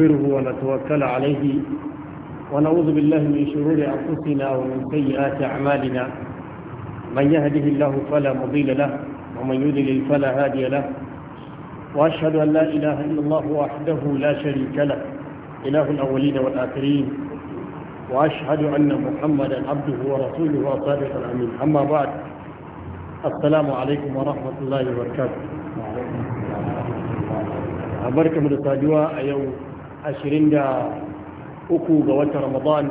نستغفره ونتوكل عليه ونعوذ بالله من شرور أنفسنا ومن سيئات أعمالنا من يهده الله فلا مضل له ومن يضلل فلا هادي له وأشهد أن لا إله إلا الله وحده لا شريك له إله الأولين والآخرين وأشهد أن محمدا عبده ورسوله وصادق الأمين أما بعد السلام عليكم ورحمة الله وبركاته أبركم لصادوا يوم أيوه. 23 ga watan ramadan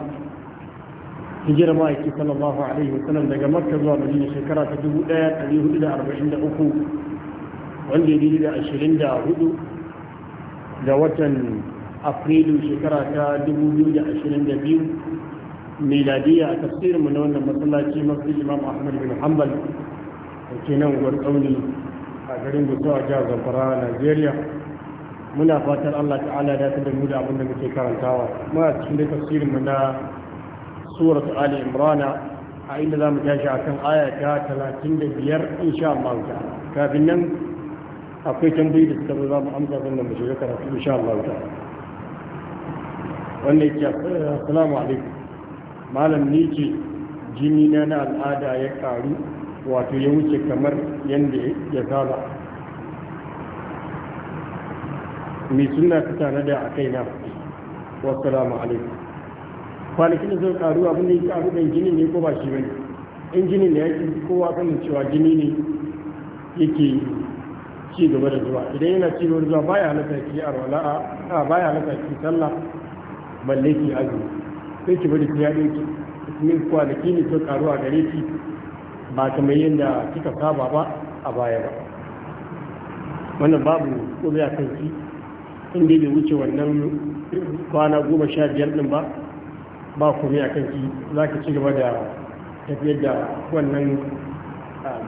hijirar ma'aiki sallallahu alaihi wasallam daga makka zuwa madina shekara ta 1443 wanda ya da 24 ga watan afrilu shekara ta 2022 miladiya a tafsirinmu na wannan masallaci mafi imam ahmad bin hanbal da ke nan gwarzauni a garin gusa a jihar zamfara nigeria muna fatan Allah ta'ala da da mu da abin da muke karantawa muna cikin da tafsirin mu na surat ali imran a inda zamu tashi akan aya ta 35 insha Allah ta'ala kafin nan akwai tambayi da suka za mu amsa sannan mu shiga karatu insha Allah ta'ala wannan ke assalamu alaikum malam ni ce jini na na al'ada ya karu wato ya wuce kamar yanda ya saba mai suna ta da a kaina wasu salamu alaikum kwanakin da zai karu abin da ya karu ɗan jini ne ko ba shi bane in jini ne yake kowa kanin cewa jini ne yake ci gaba da zuwa idan yana ci gaba da zuwa baya halatta ki arwala a baya halatta ki sallah balle ki azu sai ki bari ki ya ɗauki min kwanaki ne sun karu a gare ki ba kamar yadda kika saba ba a baya ba wannan babu ko a kan ki inda bai wuce wannan kwana goma sha biyar din ba ba kome a kanki za ka ci gaba da tafiyar da wannan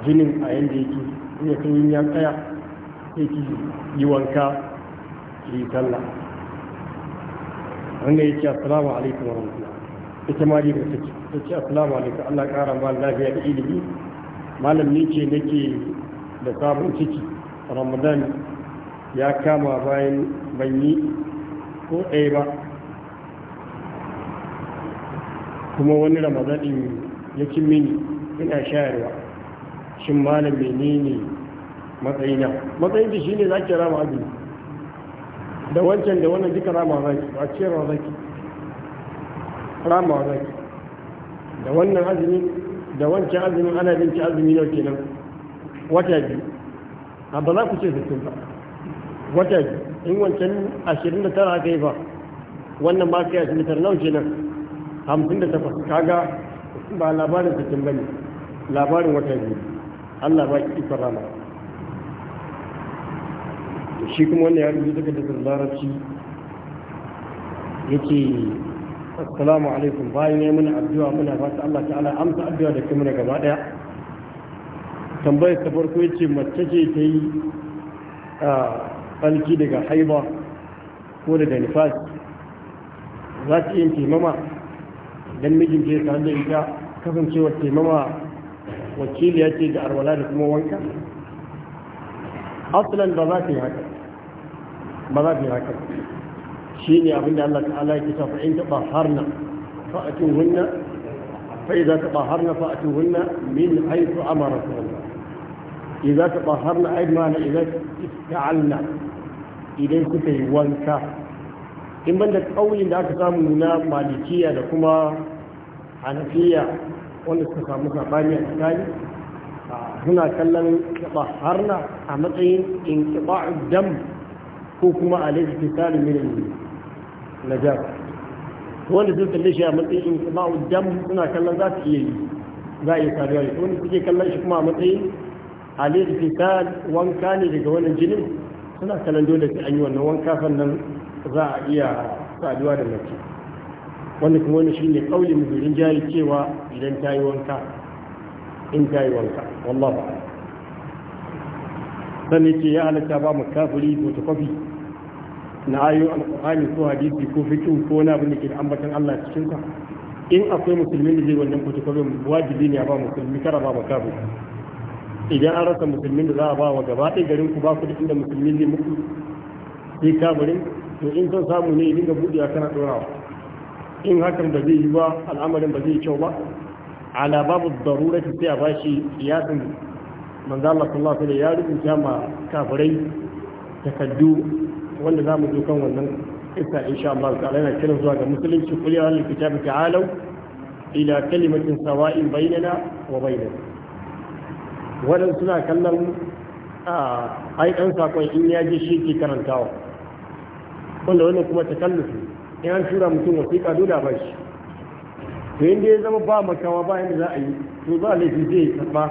jinin a yadda yake in ya kai ya tsaya sai ki yi wanka ki talla. wanda ya ce assalamu alaikum wa rahmatullah ita ma riba ta ce ta ce assalamu alaikum Allah ƙara ma lafiya da ilimi malam ne ce nake da sabon ciki ramadan ya kama bayan banyi ko ɗaya ba kuma wani ramadanin ya cin mini ina shayarwa shin malam menene matsayina matsayin da shine zaki rama abin da wancan da wannan duka rama zaki ba rama zaki rama zaki da wannan azumi da wancan azumin ana binci azumi yau kenan wata biyu a ba za ku ce sittin ba wata in wancan 29 aka yi ba wannan ma kai 29 nau nan 58 kaga ba labarin cikin bane labarin wata ne Allah ba ki ma shi kuma wannan ya rubuta daga daga larabci yake assalamu alaikum bayan ya muna addu'a muna fata Allah ta'ala amsa addu'a da kuma gaba daya tambayar ta farko yace mace ce ta yi ah, tsarki daga haiba ko daga nifas za ta yin taimama don mijin ce tare da ita kasancewar taimama wakiliya ce da arwala da kuma wanka asalan ba za ta yi haka ba za ta yi haka shi ne abinda Allah ta'ala ya kisa fa'in taɓa harna fa'atin hunna fa'iza taɓa harna fa'atin hunna min haifu amara su Allah إذا تطهرنا أي معنى إذا استعلنا idan suka yi wanka in banda kaulin da aka samu na malikiya da kuma hanafiya wanda suka samu sabani a tsakani suna kallon kiɓa harna a matsayin in kiɓa dam ko kuma a laifin tsari na najar wanda sun kalle shi a matsayin in kiɓa dam suna kallon za su iya yi za a iya saduwa wanda suke kallon shi kuma a matsayin a laifin wanka ne daga wannan jinin suna kalan dole sai an yi wannan wanka sannan za a iya saduwa da mace wanda kuma wani shine kauli muzurin jari cewa idan ta yi wanka in ta yi wanka wallahu sannan ce ya halatta ba mu kafiri ko ta kwafi na ayo alƙur'ani ko hadisi ko fikin ko na abin da ke da ambatan Allah cikin ka in akwai musulmi da zai wannan kwafi kwafi wajibi ne a ba musulmi kara ba mu kafiri idan an rasa musulmin da za a ba wa gaba ɗaya garin ku ba ku da inda musulmi zai muku sai kafirin to in son samu ne idan ga buɗewa kana ɗorawa in hakan ba zai yi ba al'amarin ba zai kyau ba ala babu darura ta sai a ba shi kiyasin manzo Allah sallallahu alaihi ya rubuta ma kafirai takaddu wanda za mu zo kan wannan kissa insha Allah ta'ala yana kiran zuwa ga musulunci kulli ahlul kitabi ta'alu ila kalimatin sawa'in bainana wa bainana. wadan suna kallon a dan sakon in ya ji shi ke karantawa wanda wani kuma ta kallufi in an tura mutum wasiƙa dole ba shi to inda ya zama ba makawa ba yadda za a yi to ba laifi zai karɓa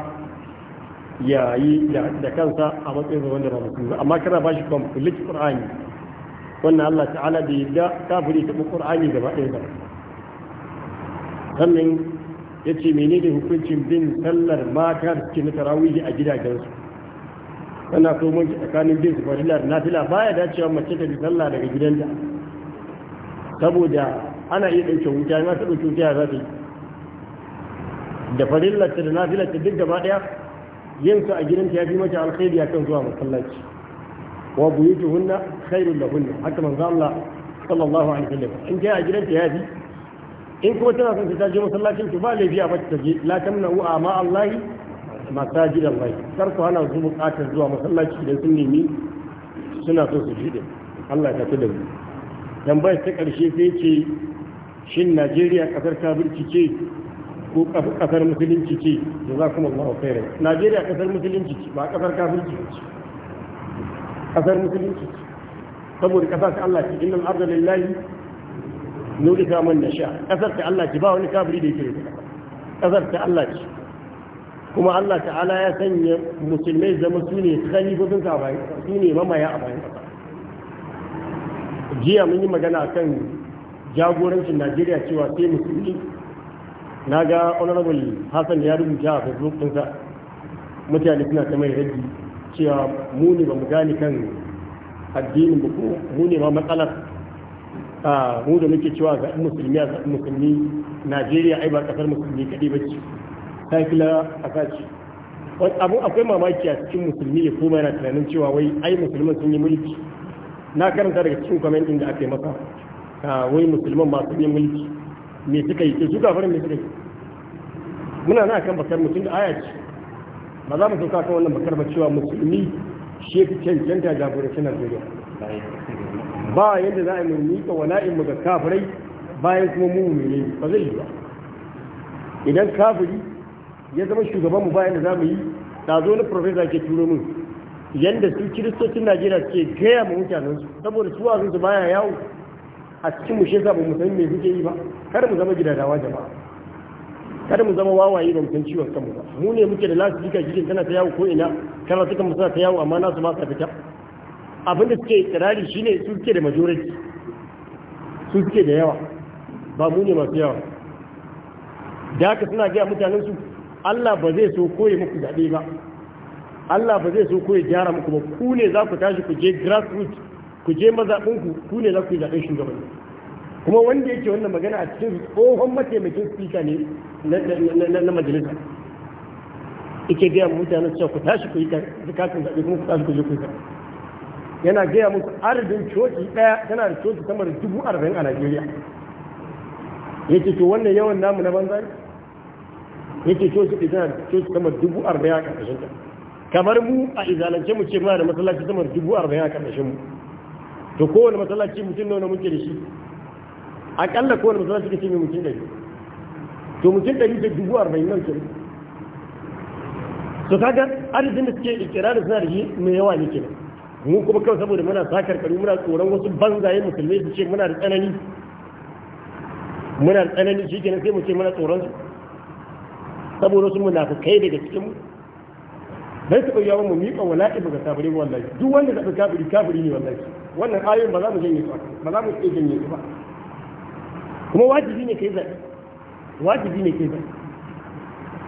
ya yi da kansa a matsayin wanda ba mutum ba amma kana ba shi complete qur'ani wannan Allah ta'ala bai da kafiri ta qur'ani gaba ɗaya ba sannan ya ce menene hukuncin bin sallar mata cini cikin tarawihi a gidajensu tana so mun tsakanin bin farilla da nafila ya dacewa mace ta bi sallah daga gidanta saboda ana iya ɗauke wuta in ta ɗauke wuta za ta yi da farillarta da nafilarta duk gaba ɗaya yin su a gidanta ya fi mata alkhairi akan zuwa masallaci wa buyutu buyutuhunna khairul lahunna haka manzo Allah sallallahu alaihi wasallam in kai a gidanta ya fi in kuma tana son ta je masallacin ki ba laifiya ba bata ta je la tamna'u ma Allah masajid Allah kar ku hana su bukatar zuwa masallaci idan sun nemi suna so su ji Allah ya tafi da mu tambayar ta karshe sai ce shin Najeriya kasar kafirci ce ko kasar musulunci ce jazakumullahu khairan Najeriya kasar musulunci ce ba kasar kafirci ce kasar musulunci ce saboda kasa ta Allah ce innal arda lillahi nurika da nasha kasar ta Allah ce ba wani kafiri da yake kasar ta Allah ce kuma Allah ta'ala ya sanya musulmai zama su ne khalifofin ka bayan su ne mamaya a bayan kasa jiya mun yi magana kan jagorancin Najeriya cewa sai musulmi na ga honorable Hassan ya rubuta a Facebook ɗinsa mutane suna ta mai rabi cewa mu ne ba mu gane kan addinin ba ko mu ne ba matsalar mu da muke cewa ga musulmi a musulmi najeriya ai ba ƙasar musulmi kaɗai ba ce sakila a sace abu akwai mamaki a cikin musulmi ya koma yana tunanin cewa wai ai musulman sun yi mulki na karanta daga cikin kwamentin da aka yi masa wai musulman masu yi mulki me suka yi ke su gafarin me suka yi muna na kan bakar mutum da aya ce ba za mu sauka kan wannan bakar ba cewa musulmi shi ya fi cancanta jagorancin najeriya ba yadda za a yi mika wala'in ga kafirai bayan kuma mu ne ba zai yi ba idan kafiri ya zama shugaban mu bayan da za mu yi ta zo na profesa ke turo min yadda su kiristocin najeriya ke gaya ma mutanensu saboda su wazin su baya yawo a cikin mu shesa ba mu san me suke yi ba kada mu zama gidadawa jama'a kada mu zama wawaye ba mu san ciwon kanmu ba mu ne muke da lasu jika jikin tana ta yawo ko ina kana suka mu ta yawo amma nasu ba su fita abin da suke tsirari shine su suke da majoriti su suke da yawa ba mu ne masu yawa da haka suna gaya mutanen su Allah ba zai so koyi muku zaɓe ba Allah ba zai so koyi gyara muku ba ku ne za ku tashi ku je grassroots ku je mazaɓinku ku ne za ku yi zaɓen shugabanni kuma wanda yake wannan magana a cikin tsohon mataimakin spika ne na majalisa ike gaya mutanen cewa ku tashi ku yi kakin zaɓe kuma ku tashi ku je ku yi zaɓe yana gaya musu adadin coci ɗaya tana da coci samar dubu arba'in a najeriya ya ce to wannan yawan namu na banza ne ya ce coci ɗaya tana da coci samar dubu arba'in a ƙarƙashin ta kamar mu a izalance mu ce muna da masallaci samar dubu arba'in a ƙarƙashin mu to kowane masallaci mutum nawa muke da shi aƙalla kowane masallaci ka ce mai mutum ɗari to mutum ɗari da dubu arba'in nan kenan to kaga adadin da suke ikirarin suna da shi mai yawa ne kenan mu kuma kawai saboda muna sakar karu muna tsoron wasu banzaye musulmai su ce muna da tsanani muna da tsanani shi kenan sai mu ce muna tsoron su saboda su kai daga cikin mu bai taɓa yawon mu miƙa wala'i ba ga kafiri wallahi duk wanda zaɓi kafiri kafiri ne wallahi wannan ayoyin ba za mu jinye ba ba za mu iya jinye ba kuma wajibi ne kai zaɓi wajibi ne kai zaɓi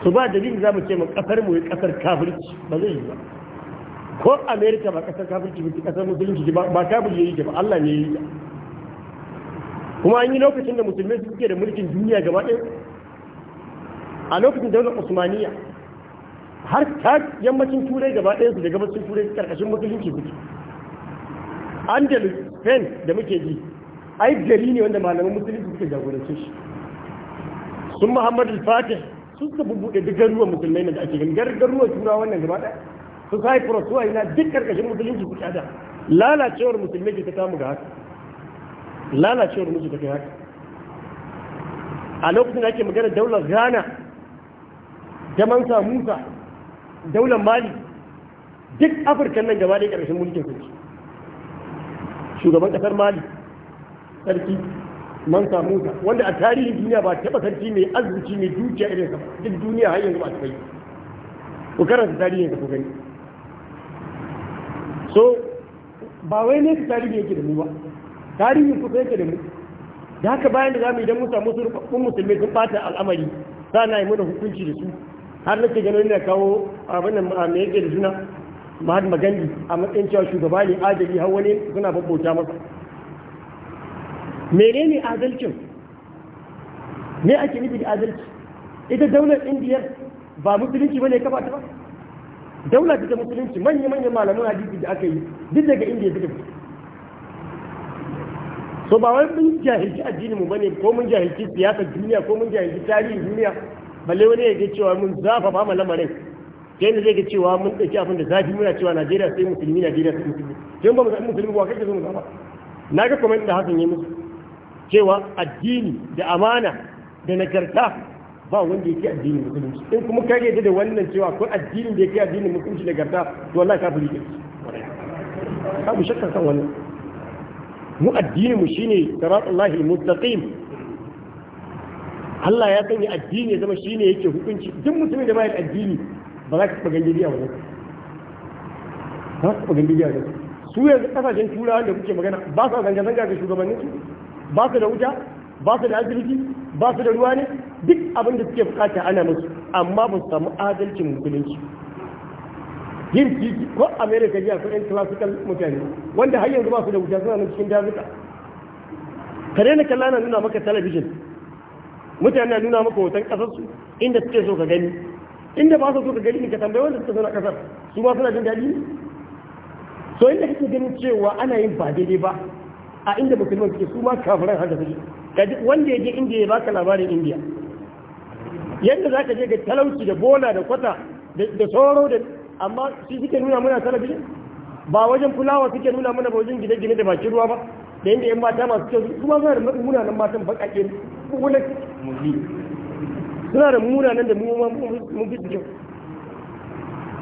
su ba dalilin za mu ce mu kafar mu ya ƙasar kafirci ba zai yi ba ko america ba kasar kafirci ba kasar musulunci ba kafir yi ba Allah ne yayi kuma an yi lokacin da musulmai suke da mulkin duniya gaba ɗaya a lokacin daular usmaniya har ta yammacin turai gaba ɗaya su da gabacin turai karkashin musulunci suke andalus spain da muke ji ai gari ne wanda malaman musulunci suke jagorance shi sun muhammadu fatih sun suka bubbuɗe duk garuwan musulmai da ake gani garuwan turawa wannan gaba ɗaya su cyprus su ina duk karkashin musulunci ku da lalacewar musulmi ke ta kamu ga haka lalacewar musu ta kai haka a lokacin da ake magana daular ghana da Mansa Musa, daular mali duk afirka nan gaba ɗaya ƙarshen mulkin su shugaban ƙasar mali sarki man Musa, wanda a tarihin duniya ba taɓa sarki mai arziki mai dukiya irin sa duk duniya har yanzu ba ta kai ku karanta tarihin ka ku gani so ba wai ne su tarihi yake da mu ba tarihi kusa yake da mu da haka bayan da zamu idan mu samu su rubabbun musulmi sun fata al'amari na yi mana hukunci da su har nake ganin yana kawo abin nan mai yake da juna Mahatma Gandhi a matsayin cewa shugaba ne adali har wani suna babbauta masa menene adalcin me ake nufi da adalci ita daular indiyar ba musulunci bane kafa ta ba daula ta ta musulunci manyan manyan malaman hadisi da aka yi duk daga indiya suka fi so ba wai mun jahilci addini mu bane ko mun jahilci siyasa duniya ko mun jahilci tarihi duniya balle wani ya ga cewa mun zafafa mu lamarin sai ne zai ga cewa mun dauki abin da zafi muna cewa Najeriya sai musulmi Najeriya sai musulmi sai ba mu san musulmi ba kake so mu zaba na ga comment da Hassan ya musu cewa addini da amana da nagarta ba wanda yake addinin musulunci in kuma ka yarda da wannan cewa ko addinin da yake addinin musulunci da garda to wallahi kafiri ke babu shakka kan wannan mu addinin mu shine siratullahi mustaqim Allah ya sanya addini ya zama shine yake hukunci duk mutumin da ba ya addini ba za ka taba gangari a wannan ba za ka taba gangari a wannan su yanzu kasashen turawa da kuke magana ba sa zanga-zanga ga shugabannin su ba su da wuta ba su da asibiti ba su da ruwa ne duk abin da suke bukata ana musu amma ba su samu adalcin musulunci yin titi ko america jiya ko yan classical mutane wanda har yanzu ba su da wuta suna nan cikin dazuka ka daina kalla na nuna maka talabijin mutane na nuna maka hoton kasarsu inda suke so ka gani inda ba su so ka gani ka tambayi wanda suka zauna kasar su ba suna jin daɗi ne so inda kake ganin cewa ana yin ba daidai ba a inda musulman suke su ma kafiran haka suke ga duk wanda ya je indiya ya baka labarin indiya yadda za ka je ga talauci da bola da kwata da sauro da amma shi suke nuna muna talabijin ba wajen fulawa suke nuna muna ba wajen gine-gine da bakin ruwa ba da yadda yan mata masu kyau kuma suna da munanan matan baƙaƙe kuma suna da munanan da mun fi kyau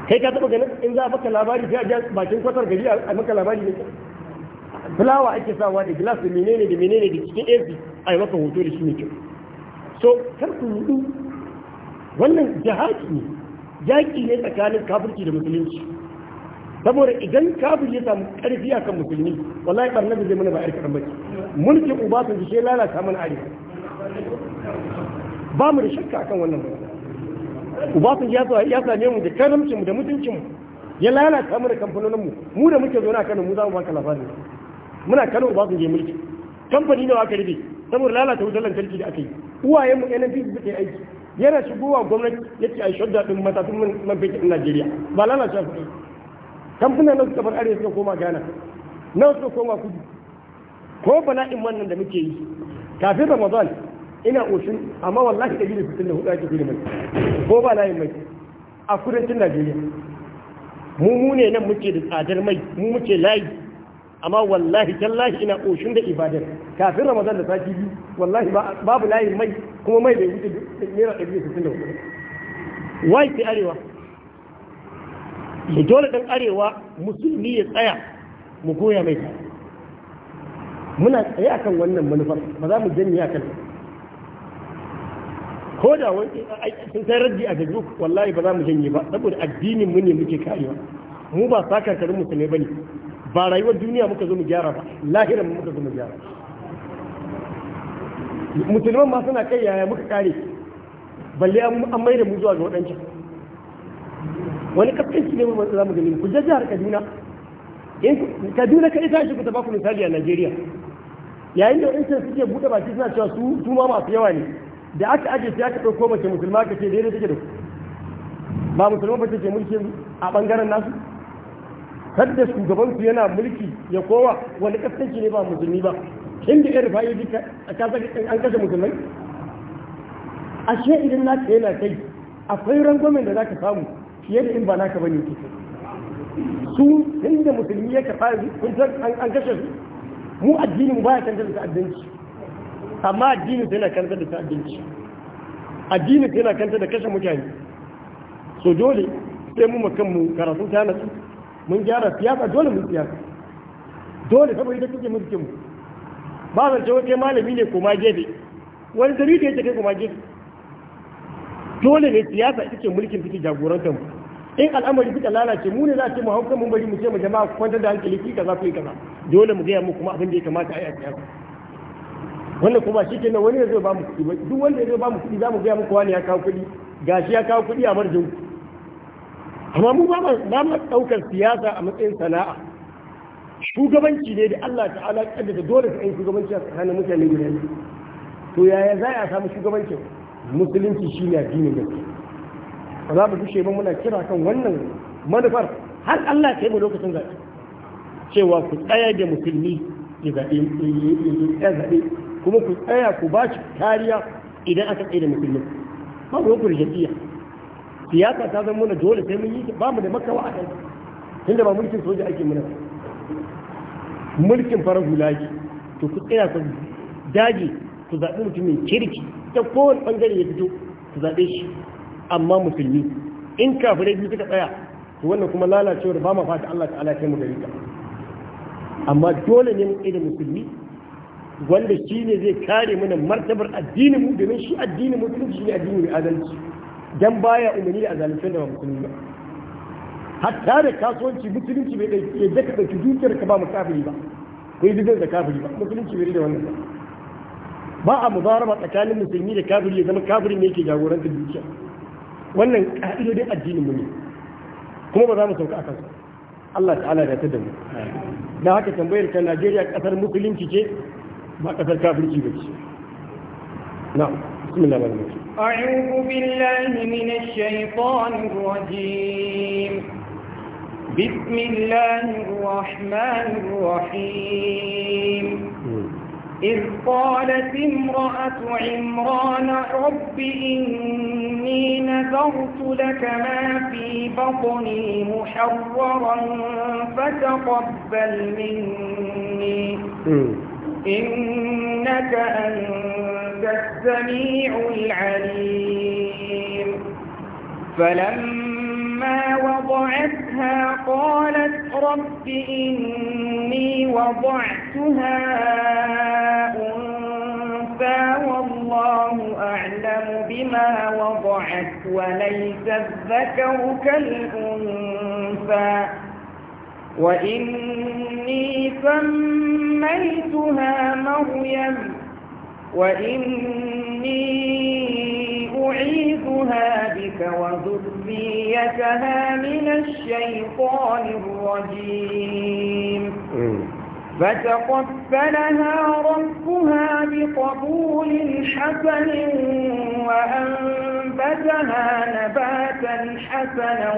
kai ka taɓa ganin in za a baka labari sai a bakin kwatar gari a maka labari da kyau? fulawa ake sawa da glass da menene da menene da cikin AC a yi maka hoto da shi mai kyau so kar ku rudu wannan jihadi ne yaƙi ne tsakanin kafirci da musulunci saboda idan kafir ya samu karfi a kan musulmi wallahi ɓarnar da zai mana ba a kaɗan bace mulkin uba sun ji lalata mana arewa ba mu da shakka akan wannan ba uba sun ya same mu da karamcin mu da mutuncin mu ya lalata mu da kamfanonin mu mu da muke zo na kanin mu za mu baka labarin muna kano ba su je mulki kamfani nawa aka rufe saboda lalata wutar lantarki da aka yi uwayen mu fiye suke aiki yana shigowa gwamnati ce a shudda ɗin matafin man fetur Najeriya ba lalata su kai kamfanin nan suka bar arewa suka koma Ghana nan suka koma kudu ko bala'in wannan da muke yi kafin Ramadan ina oshin amma wallahi ɗari da sittin da hudu ake kudu mai ko ba mai a kudancin Najeriya mu mu ne nan muke da tsadar mai mu muke layi amma wallahi tallahi ina koshin da ibadar kafin ramadan da sati biyu wallahi babu layi mai kuma mai da wuce naira ɗari sittin da hudu wai ke arewa da dole ɗan arewa musulmi ya tsaya mu goya mai muna tsaye akan wannan manufar ba za mu janye akan ko da wani sun sai raddi a gaji wallahi ba za mu janye ba saboda addinin mu ne muke karewa mu ba sakar karin musulmai bane ba rayuwar duniya muka zo mu gyara ba lahiran muka zo mu gyara musulman ma suna kai yaya muka kare balle an mai da mu zuwa ga waɗancan wani kaskanci ne mai za mu gani ku jajjar kaduna kaduna kai ta shi ku tabaku misali a najeriya yayin da waɗancan suke buɗe baki suna cewa su su ma masu yawa ne da aka aje sai aka ɗauko mace musulma ka ce daidai take da ba musulman ba ce mulkin a ɓangaren nasu sadda shugaban ku yana mulki ya kowa wani kasance ne ba musulmi ba inda ya rufa yi a kasa an kashe musulmai ashe idan na ka yana kai akwai rangwamen da za ka samu fiye da in ba ka bane ke su inda musulmi ya kafa kun san an kashe su mu addinin baya kanta da ta'addanci amma addinin sai na kanta da ta'addanci addinin sai na kanta da kashe mutane so dole sai mu makan mu karatu ta nasu mun gyara siyasa dole mun siyasa dole saboda ita kuke mulkin mu ba zance wata malami ne koma gefe wani gari da yake kai koma gefe dole ne siyasa ita ce mulkin take jagorantar mu in al'amari suka lalace mu ne za a ce mu hauka mun bari mu ce mu jama'a kwantar da hankali ki kaza ku yi kaza dole mu gaya mu kuma abin da ya kamata a yi a siyasa wannan kuma shi kenan wani ya zai ba mu kuɗi ba duk wanda ya zai ba mu kuɗi za mu gaya muku wani ya kawo kuɗi gashi ya kawo kuɗi a marjin ku amma mu ba mu daukar siyasa a matsayin sana'a shugabanci ne da Allah ta'ala kaddata dole sai shugabanci a tsakanin mutane guda biyu to yaya za a samu shugabanci? musulunci shine addinin gaskiya ba za mu kushe ba muna kira kan wannan manufar har Allah ya yi mu lokacin zaɓe cewa ku tsaya da musulmi ya zaɓe kuma ku tsaya ku ba shi kariya idan aka tsaye da musulmi ba ku yi ku siyasa ta zama mana dole sai mun yi ba mu da makawa a kai tunda ba mulkin soja ake muna mulkin farar hula ji, to ku tsaya ku daji ku zaɓi mutumin kirki ta kowane ɓangare ya fito ku zaɓe shi amma musulmi in kafirai biyu suka tsaya to wannan kuma lalacewar ba ma fata Allah ta'ala kai mu gari ka amma dole ne mu da musulmi wanda shi ne zai kare mana martabar addinin mu domin shi addinin shi ne addinin adalci dan baya umarni da azalunce da musulmi ba hatta da kasuwanci musulunci bai yadda ka ɗauki dukiyar ka ba mu kafiri ba ko yi da kafiri ba musulunci bai da wannan ba ba a ba tsakanin musulmi da kafiri ya zama kafiri ne yake jagorantar dukiya wannan ka'idodin addinin mu ne kuma ba za mu sauka a kansa Allah ta'ala da ta damu da haka tambayar ta Najeriya kasar musulunci ce ba kasar kafirci ba ce na bismillahir da rahim أعوذ بالله من الشيطان الرجيم بسم الله الرحمن الرحيم إذ قالت امرأة عمران رب إني نذرت لك ما في بطني محررا فتقبل مني إنك أنت السميع العليم فلما وضعتها قالت رب إني وضعتها أنثى والله أعلم بما وضعت وليس الذكر كالأنثى وإني سميتها مريم وإني أعيذها بك وذريتها من الشيطان الرجيم فتقبلها ربها بقبول حسن وأنبتها نباتا حسنا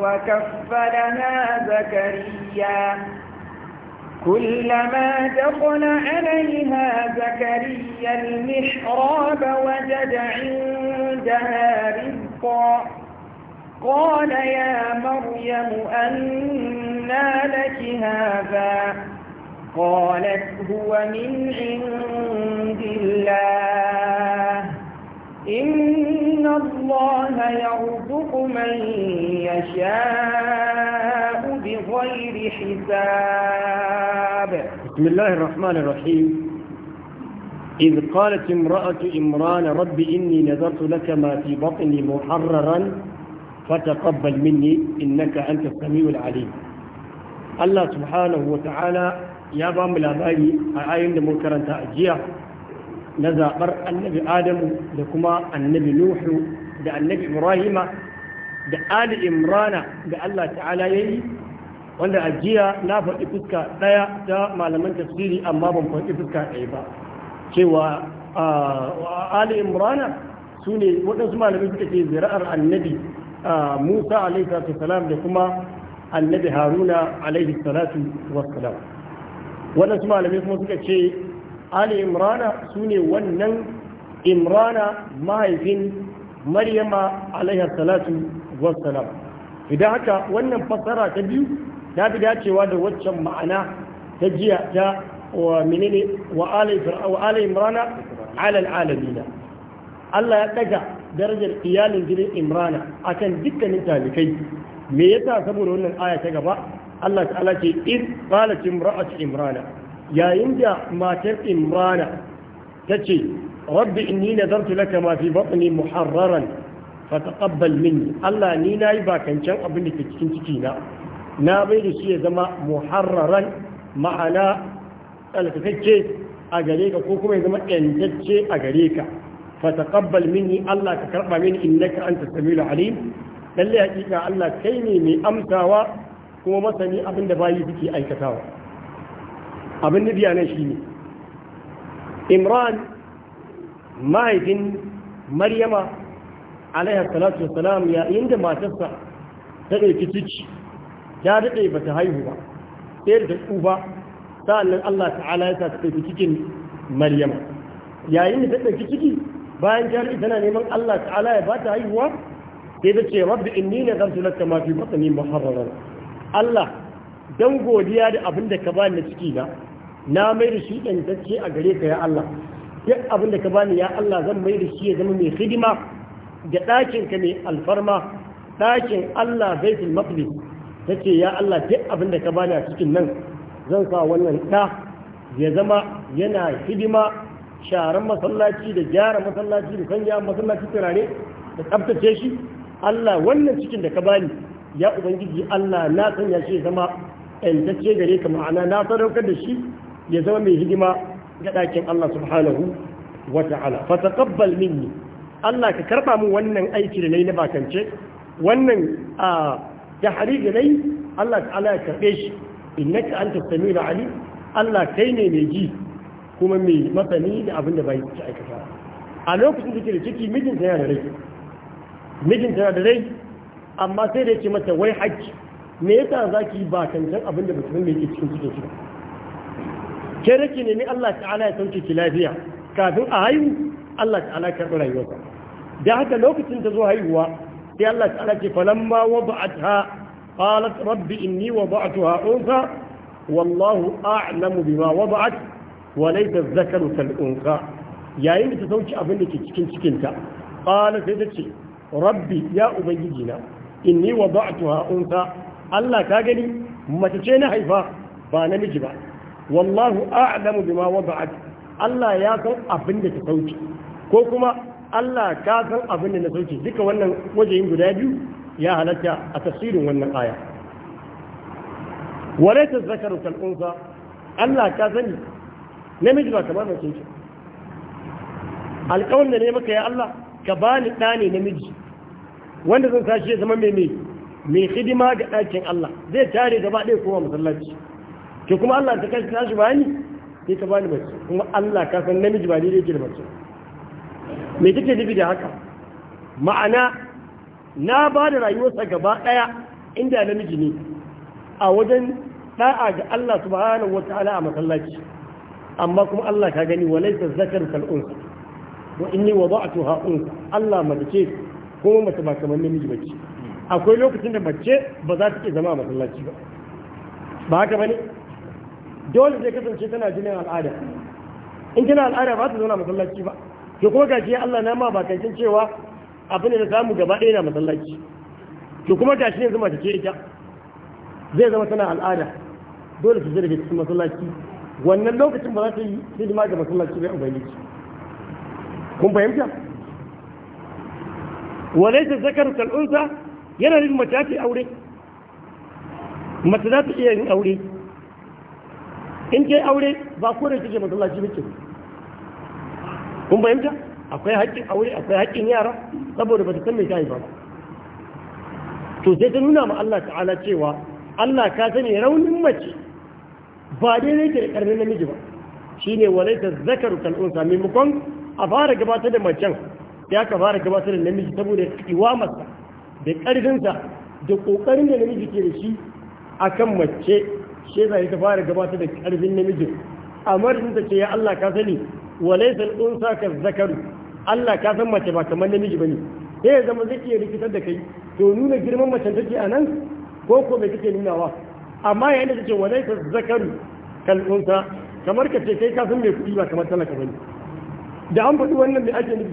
وكفلها زكريا كلما دخل عليها زكريا المحراب وجد عندها رزقا قال يا مريم أن قالت هو من عند الله إن الله يرزق من يشاء بغير حساب بسم الله الرحمن الرحيم إذ قالت امرأة إمران رب إني نذرت لك ما في بطني محررا فتقبل مني إنك أنت السميع العليم الله سبحانه وتعالى ya ba mu labari a ayin da mun karanta a jiya na zaɓar annabi adamu da kuma annabi nuhu da annabi ibrahima da ali imrana da allah ta'ala ya yi wanda a jiya na faɗi fuska ɗaya ta malaman tafsiri amma ban faɗi fuska ɗaya ba cewa ali imrana su ne waɗansu malamai suka ce zira'ar annabi musa alaihi da kuma annabi haruna alaihi salatu waɗansu malamai kuma suka ce ali imrana su ne wannan imrana mahaifin maryama alaihi salatu wassalam idan haka wannan fassara ta biyu ta fi dacewa da waccan ma'ana ta jiya ta wa menene wa ali imrana alal alamina Allah ya daga darajar iyalin gidan imrana akan dukkanin talikai me yasa saboda wannan aya ta gaba Allah ta'ala ce in qalat imra'at imrana yayin da matar imrana tace rabbi inni nadartu laka ma fi batni muharraran fataqabbal minni Allah ni nayi bakancan abin da ke cikin ciki na na bai da shi ya zama muharraran ma'ana tsalkakacce a gare ka ko kuma ya zama ƴantacce a gare ka fataqabbal minni Allah ka karba mini innaka anta samiul alim lalle hakika Allah kai ne mai amsawa kuma masani abin da bayi suke aikatawa abin nufi a nan ne. imran mahaifin maryama alaihi salatu wassalam yayin da matarsa ta ɗauki ciki ta daɗe ba ta haihu ba sai da tsufa sa'annan Allah ta'ala ya sa ta ɗauki cikin maryama yayin da ta ɗauki ciki bayan ta tana neman Allah ta'ala ya ba ta haihuwa sai ta ce rabbi inni nazartu laka ma fi batni muharraran Allah don godiya da abin da ka ba ni ciki na na mai da shi ɗantacce a gare ka ya Allah duk abin da ka ba ni ya Allah zan mai da shi ya zama mai hidima da ɗakin ka mai alfarma ɗakin Allah baitul ta tace ya Allah duk abin da ka ba ni a cikin nan zan sa wannan ɗa ya zama yana hidima sharan masallaci da gyara masallaci da sanya masallaci turare da tsabtace shi Allah wannan cikin da ka bani ya ubangiji Allah na ya ce zama ƴantacce gare ka ma'ana na sadaukar da shi ya zama mai hidima ga ɗakin Allah subhanahu wa ta'ala fa taqabbal minni Allah ka karba min wannan aiki da nayi na bakance wannan a tahari da nayi Allah ta'ala ya karbe shi innaka anta samiul alim Allah kai ne mai ji kuma mai masani da abin da bai ci aikata a lokacin da ke da ciki mijinta yana da rai mijinta yana da rai amma sai da ce mata wai hajji me yasa zaki yi bakancan abin da mutum mai ke cikin cikin shi ke rake nemi Allah ta'ala ya sauke ki lafiya kafin a haihu Allah ta'ala ya karɓi rayuwarsa da haka lokacin ta zo haihuwa sai Allah ta'ala ce falamma wada'atha qalat rabbi inni wada'tuha unsa wallahu a'lamu bima wada'at wa laysa dhakaru kal unsa yayin da ta sauki abin da ke cikin cikinta qala sai ta ce rabbi ya ubangiji na inni wada'tuha unsa Allah ka gani mace ce na haifa ba namiji ba wallahu a'lamu bima wada'at Allah ya san abin da ta sauke ko kuma Allah ka san abin da na sauke duka wannan wajen guda biyu ya halatta a tafsirin wannan aya walaita zakaru kal unsa Allah ka sani namiji ba kamar mace ce alƙawarin da ne maka ya Allah ka bani ɗa ne namiji wanda zan sashi ya zama mai mai hidima ga ɗakin Allah zai tare gaba ɗaya kowa masallaci ke kuma Allah ta kashi tashi bani sai ta bani mace kuma Allah ka san namiji ba daidai yake da mace me kake nufi da haka ma'ana na ba da rayuwarsa gaba ɗaya inda namiji ne a wajen da'a ga Allah subhanahu wa ta'ala a masallaci amma kuma Allah ka gani wa laysa zakar kal unsa wa inni wada'tuha unsa Allah madace kuma mace ba kamar namiji ba ce akwai lokacin da mace ba za ta ke zama a masallaci ba ba haka ba ne dole zai kasance tana jinin al'ada in kina al'ada ba ta zauna masallaci ba to kuma gashi Allah na ma kankin cewa abin da samu gaba ɗaya na masallaci to kuma gashi ne zuma ce ita zai zama tana al'ada dole su daga cikin masallaci wannan lokacin ba za ta yi hidima ga masallaci bai ubangiji kun fahimta walaisa zakar kal'unsa yana nufin mace ta aure mace za ta iya yin aure in kai aure ba ko da kike masallaci ba ke fahimta akwai haƙƙin aure akwai haƙƙin yara saboda ba ta san mai ta ba to sai ta nuna ma Allah ta'ala cewa Allah ka sani raunin mace ba daidai ke da namiji ba shine walaita zakaru kal'unsa maimakon a fara gabatar da macen ya ka fara gabatar da namiji saboda iwamarsa da ƙarfinsa da ƙoƙarin da namiji ke da shi a kan mace shi za ka fara gabatar da ƙarfin namijin a marin ta ce ya Allah ka sani walaisal unsa ka zakaru Allah ka san mace ba kamar namiji ba ne sai ya zama zai iya rikitar da kai to nuna girman mace take a nan ko ko bai kake wa amma yayin da take walaisal zakaru kal kamar ka ce kai ka san mai kuɗi ba kamar talaka bane da an faɗi wannan mai ake nufi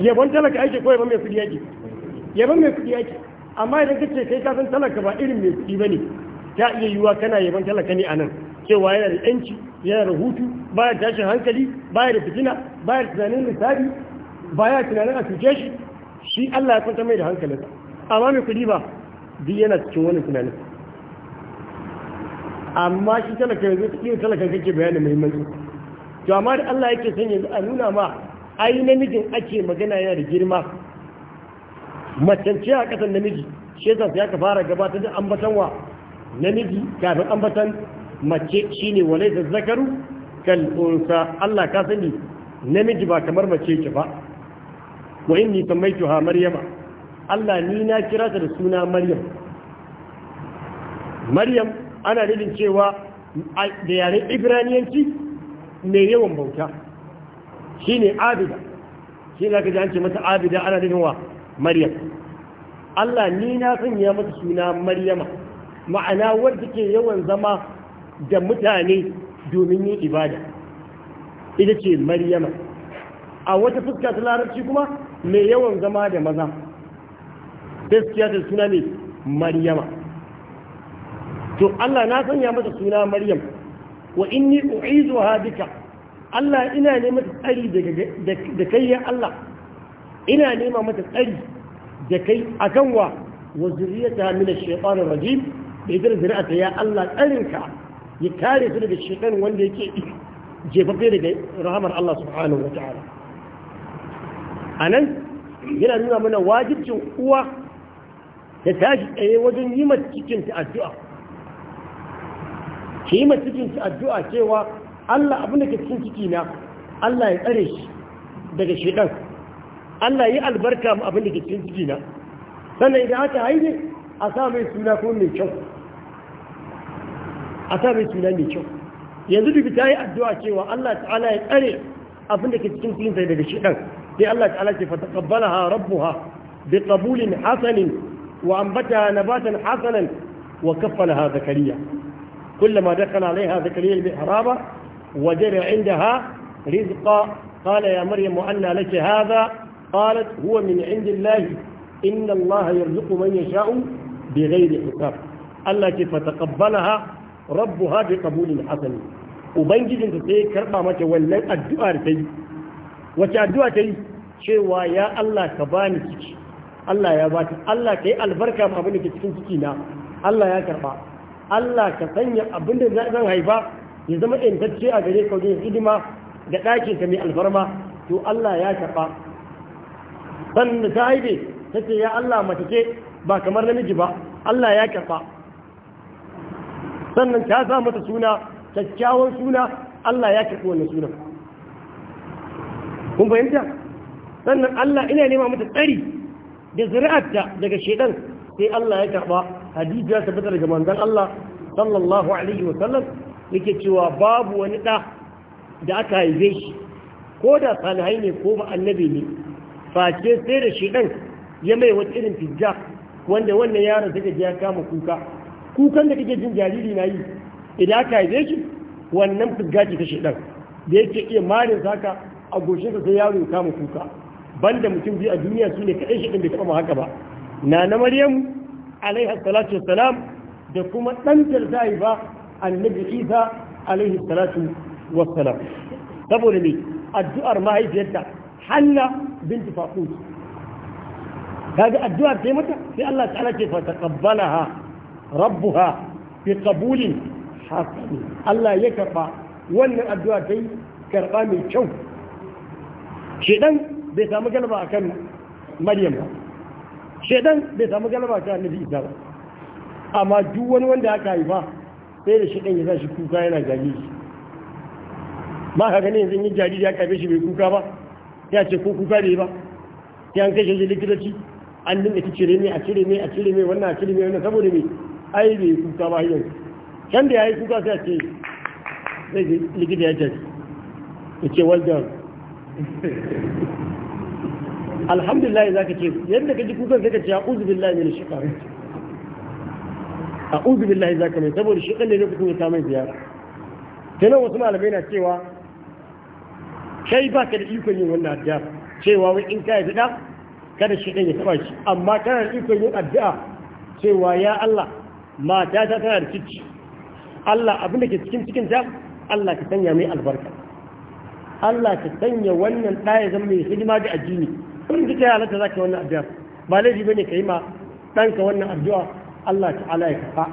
yabon talaka ake ko yabon mai kudi ake yabon mai kudi ake amma idan ka ce kai kasan talaka ba irin mai kudi bane ta iya yiwuwa kana yabon talaka ne a nan cewa yana da yanci yana da hutu baya tashin hankali baya da fitina baya da tunanin lissafi baya tunanin a cuce shi shi Allah ya kwanta mai da hankalinsa amma mai kudi ba duk yana cikin wani tunanin amma shi talaka yanzu irin talakan kake bayanin muhimmanci to amma da Allah yake san yanzu a nuna ma ai namijin ake magana yana da girma macance a kasan namiji shi yasa sai aka fara gabatar da ambatan wa namiji kafin ambatan mace shine walai da zakaru kal unsa Allah ka sani namiji ba kamar mace ki ba wa inni samaituha maryama Allah ni na kira ta da suna maryam maryam ana nufin cewa da yaren ibraniyanci mai yawan bauta Shi ne abida shi ne ka ji an ce mata abida ana nufin wa maryam Allah ni na sanya mata suna maryama ma'ana wadda ke yawan zama da mutane domin yin ibada ita ce maryama a wata fuska ta larabci kuma mai yawan zama da maza gaskiya da suna ne maryama to Allah na sanya masa suna maryam wa inni u'izuha bika Allah ina ne tsari da kai ya Allah ina nema mata tsari da kai a kan wa wa zuriyata min rajim da idan ta ya Allah tsarinka ya kare su daga shaytan wanda yake jefaffe daga rahamar Allah subhanahu wa ta'ala anan yana nuna mana wajibcin uwa ta tashi tsaye wajen yi mata cikin ta addu'a ki yi mata cikin ta addu'a cewa Allah abin da ke cikin ciki na Allah ya tsare shi daga shedan Allah ya albarka mu abin da ke cikin ciki na sannan idan aka haihu a sa mai suna ko mai kyau a sa mai suna mai kyau yanzu dubi ta yi addu'a cewa Allah ta'ala ya tsare abin da ke cikin cikin sai daga shedan sai Allah ta'ala ce fataqabbalaha rabbuha bi qabulin hasanin wa ambata nabatan hasanan wa kaffalaha zakariya kullama dakhala alaiha zakariya al-mihraba وجد عندها رزقا قال يا مريم أنى لك هذا قالت هو من عند الله إن الله يرزق من يشاء بغير حساب التي فتقبلها ربها بقبول حسن ubangijinta sai ya karba mata wannan addu'ar ta yi wace addu'a ta yi cewa ya Allah ka bani ciki Allah ya bata Allah ka yi albarka ma abin da ke cikin na Allah ya Allah ka sanya zan haifa ya zama intacce a gare ka wajen hidima da ɗakin ka mai alfarma to Allah ya karɓa da ta haife ta ce ya Allah mace ba kamar namiji ba Allah ya karɓa sannan ta sa mata suna kyakkyawan suna Allah ya karɓi wannan sunan kun fahimta sannan Allah ina nema mata tsari da zuri'arta daga shedan sai Allah ya karɓa hadisi ya tabbata daga manzon Allah sallallahu alaihi wa sallam yake cewa babu wani ɗa da aka haife shi ko da salihai ne ko ba annabi ne face sai da shi ɗan ya mai wata irin fijja wanda wannan yaron suka ji ya kama kuka kukan da kake jin jariri na yi idan aka haife shi wannan fijja ce ta shi ɗan da yake iya marin saka a sa sai yaro ya kama kuka banda mutum biyu a duniya su ne kaɗai shi ɗin bai taɓa ma haka ba Nana na maryam alaihi salatu wassalam da kuma ɗan da ta annabi isa alaihi salatu wassalam saboda ne addu'ar mahaifiyarta hanna binti faqus kaga addu'a sai mata sai Allah ta ce fa taqabbalaha rabbuha bi qabulin hasan Allah ya karba wannan addu'a dai karba mai kyau shedan bai samu galaba akan Maryam ba shedan bai samu galaba akan Nabi Isa ba amma duk wani wanda aka haifa sai da shi ɗan ya sa shi kuka yana gani ba ka gani yanzu yin jariri ya karfe shi bai kuka ba ya ce ko kuka ne ba ya an kashe shi likitoci an dinga ci cire mai a cire mai a cire mai wannan a cire mai wannan saboda mai ai bai kuka ba yanzu can da ya yi kuka sai a ce zai likita ya jari ya ce well done alhamdulillah za ka ce yadda ka ji kukan sai ka ce ya uzu billahi mai shi a'udhu billahi za ka mai saboda shi ɗan da lokacin ya samun ziyara kenan wasu malamai na cewa kai ba ka da ikon yin wannan addu'a cewa wai in ka yi fida kada shi ɗan ya taɓa shi amma kana da ikon yin addu'a cewa ya Allah mata ta tana da ciki Allah abin da ke cikin cikin ta Allah ka sanya mai albarka Allah ka sanya wannan ɗaya zama mai hidima da addini kun ji kai halatta za ka wannan addu'a ba laifi bane ka yi ma danka wannan addu'a Allah ta'ala ya kafa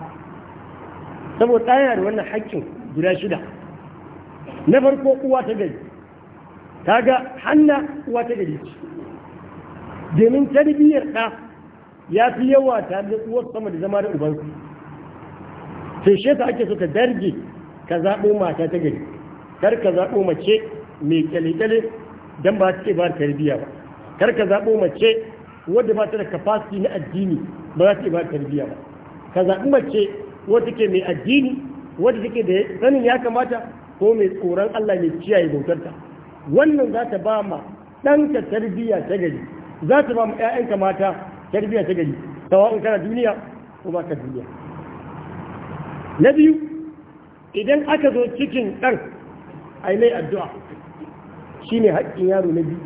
saboda yana da wannan haƙƙin guda shida na farko uwa ta gari ta ga hanna uwa ta gari ce domin tarbiyyar ɗa ya fi yawa ta da uwar sama da zama da ubansu sai shi ake so ka darge ka zaɓo mata ta gari kar ka zaɓo mace mai kyale-kyale don ba ta ce ba ta tarbiyya ba kar ka zaɓo mace wadda ba ta da kafasi na addini ba za ta ba tarbiyya ba ka zaɓi mace wata take mai addini wata take da sanin ya kamata ko mai tsoron Allah mai kiyaye bautarta wannan za ta ba ma ɗanka tarbiyya ta gari za ta ba ma 'ya'yanka mata tarbiyya ta gari sawa'un kana duniya ko ba ka duniya na biyu idan aka zo cikin ɗan a yi mai addu'a shi ne haƙƙin yaro na biyu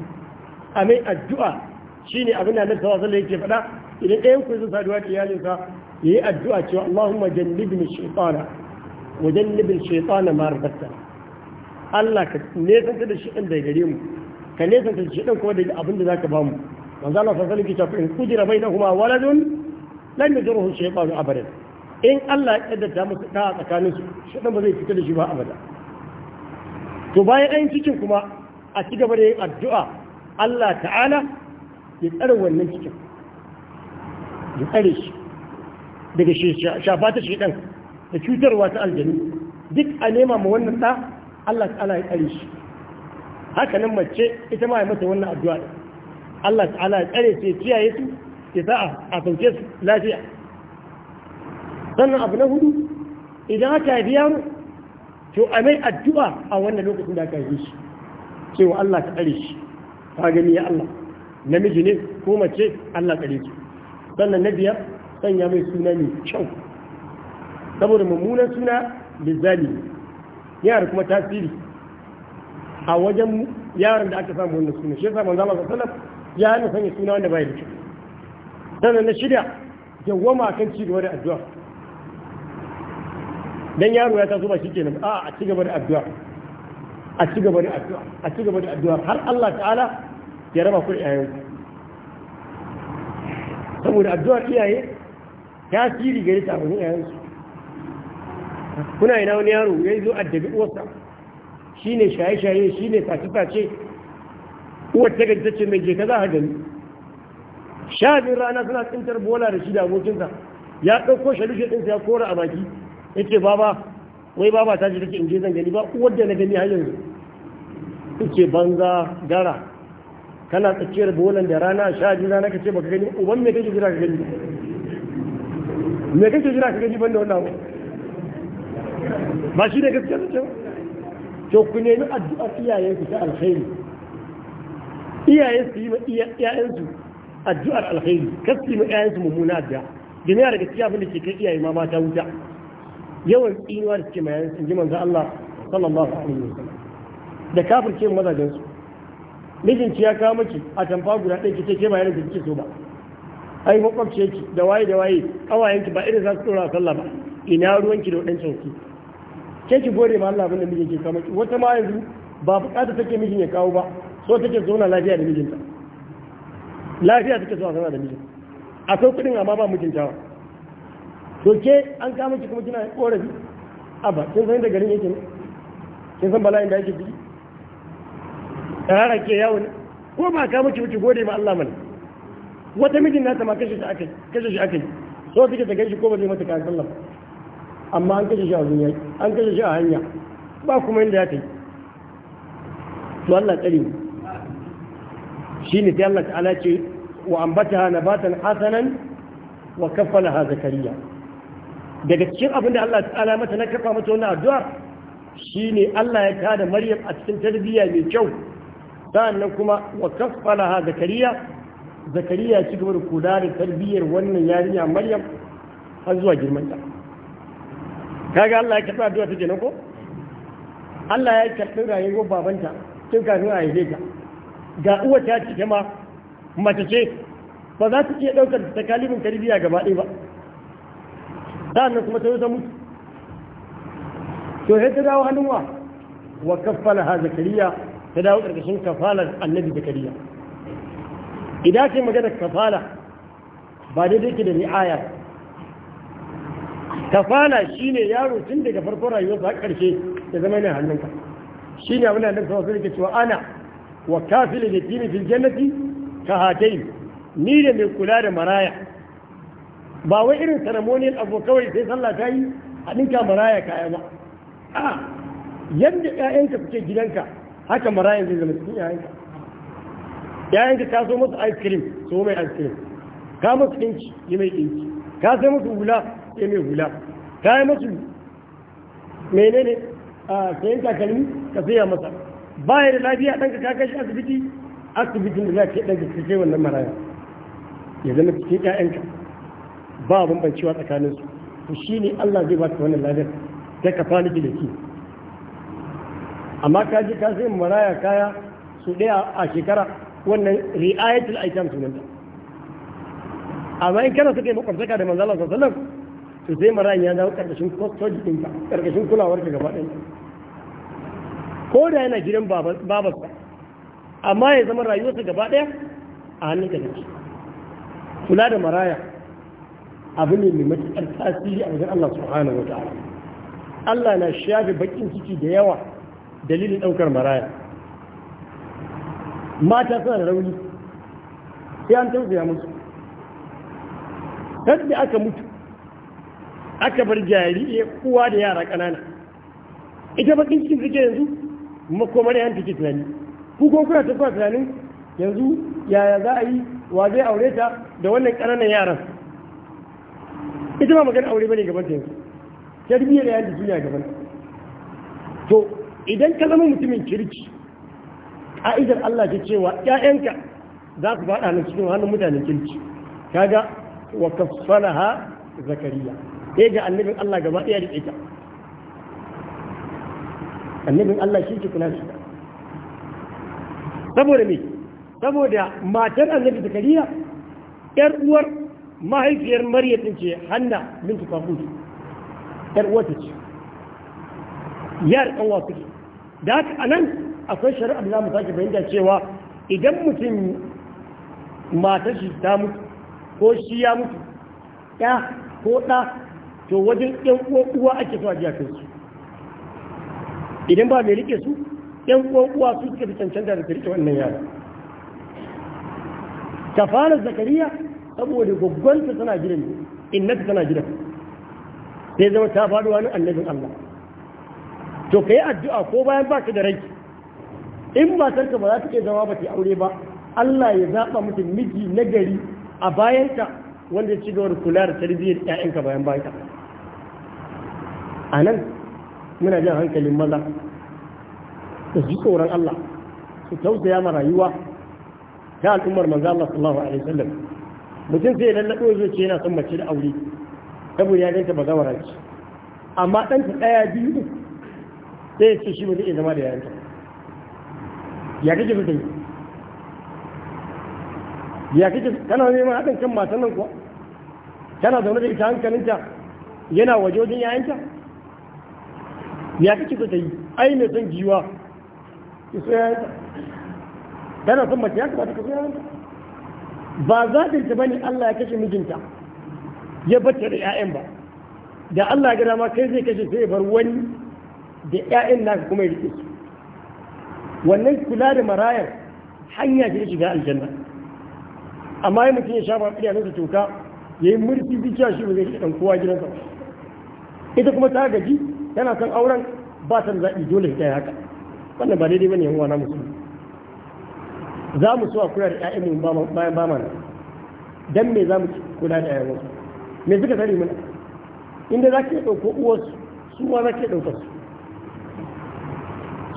a mai addu'a shi ne abin da na tawa zalla yake faɗa idan ɗayan ku zai saduwa da iyalinsa ya yi addu'a cewa Allahumma jannibni shaytana wa jannibni shaytana ma rabbatta Allah ka nesanta da shi da daga gare mu ka nesanta da shi ɗan kuma daga abin da zaka ba mu manzo Allah sallallahu alaihi wasallam in kujira bainahuma waladun lan yajruhu shaytanu abadan in Allah ya kaddata musu da tsakanin su shi ɗan ba zai fita da shi ba abada to bayan an cikin kuma a ci gaba da yin addu'a Allah ta'ala ya tsare wannan cikin ya tsare shi daga shafa ta ɗan da cutarwa ta aljanu duk a nema ma wannan ta Allah ta'ala ya tsare shi haka nan mace ita ma ya mata wannan addu'a Allah ta'ala ya tsare shi ya kiyaye su ya sa a sauke su lafiya sannan abu na hudu idan aka yi yaro to a mai addu'a a wannan lokacin da aka yi shi cewa Allah ta tsare shi ka gani ya Allah namiji ne ko mace Allah tsare shi sannan na biyar sanya mai suna mai kyau saboda mummunan suna lizzali yana da kuma tasiri a wajen yaran da aka samu wannan suna shi yasa manzo Allah sallallahu ya hana sanya suna wanda bai da kyau sannan na shida dawwama kan ci gaba da addu'a dan yaro ya taso ba shikenan a a ci gaba da addu'a a ci gaba da addu'a a ci gaba da addu'a har Allah ta'ala ya raba ku da yayanku saboda addu'ar iyaye ta siri gari ta abin yayansu kuna ina wani yaro ya zo addabi uwarsa shi ne shaye-shaye shi ne sace-sace uwar ta gaji ce mai jeka za a gani sha rana suna tsintar bola da shi da abokinsa ya ɗauko shalushe ɗinsa ya kora a baki ya ce baba wai baba ta ce take in je zan gani ba uwar da na gani hanyar yanzu ce banza gara kana tsakiyar bolan da rana sha biyu rana ka ce baka gani uban me kake jira ka gani me kake jira ka gani da wannan abu ba shi ne gaskiya ce to ku nemi addu'ar iyayen ku ta alkhairi iyayen su yi ma iyayen su addu'ar alkhairi kar yi ma iyayen su mummuna addu'a domin yana gaskiya abin da ke kai iyaye ma mata wuta yawan tsinuwa da suke mayan su sun ji manzo Allah sallallahu alaihi wasallam da kafirce mazajen su mijinci ya kawo miki a tamfa guda ɗaya ki ce ke bayan da kike so ba ai makwabce ki da waye da waye ki ba irin za su tsora sallah ba ina ruwanki da waɗancan ki ke ki gode ma Allah abinda da mijinki ya kawo miki wata ma yanzu ba bukata take mijin ya kawo ba so take zauna lafiya da mijinta lafiya take zuwa sana da mijin kai kudin amma ba ba to ke an kama ki kuma kina korafi a ba kin san da garin yake ne kin san bala'in da yake ciki tsara ke ne ko ba ka miki miki gode ma Allah mana wata mijin nata ma kashe shi akai kashe shi akai so suke ta gaishe ko ba zai mata kayan sallah amma an kashe shi a duniya an kashe shi a hanya ba kuma inda ya kai to Allah tsare Shi ne ta Allah ta'ala ce wa ambataha nabatan hasanan wa kaffalaha zakariya daga cikin abin da Allah ta'ala mata na kafa mata wannan addu'a shine Allah ya tada Maryam a cikin tarbiyya mai kyau nan kuma wa ha zakariya zakariya ya ci gaba da kula da tarbiyyar wannan yarinya maryam har zuwa girman ta kaga Allah ya karɓi addu'a take nan ko Allah ya karɓi rayuwar babanta tun kafin a haife ta ga uwa ta ci ma mace ce ba za ta iya ɗaukar takalibin tarbiyya gaba ɗaya ba nan kuma ta yi ta mutu to yadda ta dawo hannun wa wa ha zakariya ta dawo ƙarƙashin kafalar annabi da kariya. idan ce magana kafala ba daidai ke da ri'aya kafala shine yaro tun daga farko rayuwarsa a ƙarshe da zama yana hannunka ne abin da annabi da alaihi cewa ana wa kafil yatimi fil jannati ka hatai ni da mai kula da maraya ba wai irin ceremonial abu kawai sai sallah ta yi a ɗinka maraya kaya ba yadda ƴaƴanka suke gidanka haka marayan zai zama cikin yayanka yayanka ka so musu ice cream so mai ice cream ka musu ɗinki yi mai ɗinki ka sai musu hula yi mai hula ka yi musu menene a sayan takalmi ka saya masa ba ya da lafiya ɗanka ka kashi asibiti asibitin da za ka yi ɗanka ka kai wannan marayan ya zama cikin yayanka ba bambancewa tsakaninsu to shi ne Allah zai ba ka wannan lafiya da ka fani da shi amma ka ji ka sai maraya kaya su ɗaya a shekara wannan ri'ayatul aitam sunan ta amma in kana suka yi makwabtaka da manzala sassanar su sai marayan ya dawo ƙarƙashin kwastoji ɗinka ƙarƙashin kulawar ka gaba ɗaya ko da yana gidan babarsa amma ya zama rayuwarsa gaba ɗaya a hannun ka kula da maraya abu ne mai matuƙar tasiri a wajen Allah subhanahu wa ta'ala Allah na shafe bakin ciki da yawa dalilin ɗaukar maraya mata suna da rauni sai an tausaya musu sadda aka mutu aka bar ya uwa da yara ƙanana ita ba cikin suke yanzu makomar yan take tunani ku ko kuna ta kuwa tunanin yanzu yaya za a yi wa zai aure ta da wannan ƙananan yaran ita ba magana aure bane gaban ta yanzu tarbiyyar yan jiki ne gaban to idan ka zama mutumin kirki ƙa'idar Allah ke cewa ‘ya'yanka za su faɗa na cikin hannun mutanen kirki kaga wa kafana ha zakariya ɗaya ga annabin Allah gaba ɗaya da ita annabin Allah shi ke kula shi saboda me saboda matar annabi zakariya ‘yar uwar mahaifiyar maryam ce hanna bintu kafus ‘yar uwar ta ce yar ƙanwa suke da haka a nan akwai shari'ar da za mu sake fahimta cewa idan mutum matar shi ta mutu ko shi ya mutu ya ko ɗa to wajen ɗan uwa ake so a jiya su. idan ba mai rike su ɗan uwa su suka fi cancanta da rike wannan yara ta fara zakariya saboda gwaggwanta tana gidan innata tana gidan sai zama ta faɗuwa na annabin allah to ka yi addu'a ko bayan ba ka da rai in matarka ba za ta iya zama ba ta aure ba Allah ya zaɓa mutum miji na gari a ka wanda ya ci gaba da kula da tarbiyyar ‘ya'yanka bayan bayanka a nan muna jan hankalin maza da su tsoron Allah su tausaya ma rayuwa ta al'ummar manzo Allah sallallahu alaihi wasallam mutum sai lallaɗo zai ce yana son mace da aure saboda ya ganta ba gawara ce amma ɗanta ɗaya biyu sai ce shi zai iya zama da yayanta ya kake so yi ya kake kana neman haɗin kan matan nan kuwa tana zaune da ita hankalinta yana waje wajen yayanta ya kake so yi ai mai son giwa ki so yayanta tana son mace ya kamata ka so yayanta ba zaɓin ta bane Allah ya kashe mijinta ya bata da 'ya'yan ba da Allah ya gada ma kai zai kashe sai ya bar wani da 'ya'yan naka kuma ya riƙe. su wannan kula da marayar hanya ce shiga aljanna amma ya mutum ya shafa idanunsa toka ya yi murfi zuciya shi ba zai shi ɗan kowa gidansa ita kuma ta gaji tana son auren ba ta zaɓi dole ta yi haka wannan ba daidai bane yawa na musulmi za mu so a kula da mu bayan ba mana dan me za mu kula da mu me suka sani mana inda za ka ɗauko uwarsu su ma za ka ɗauka su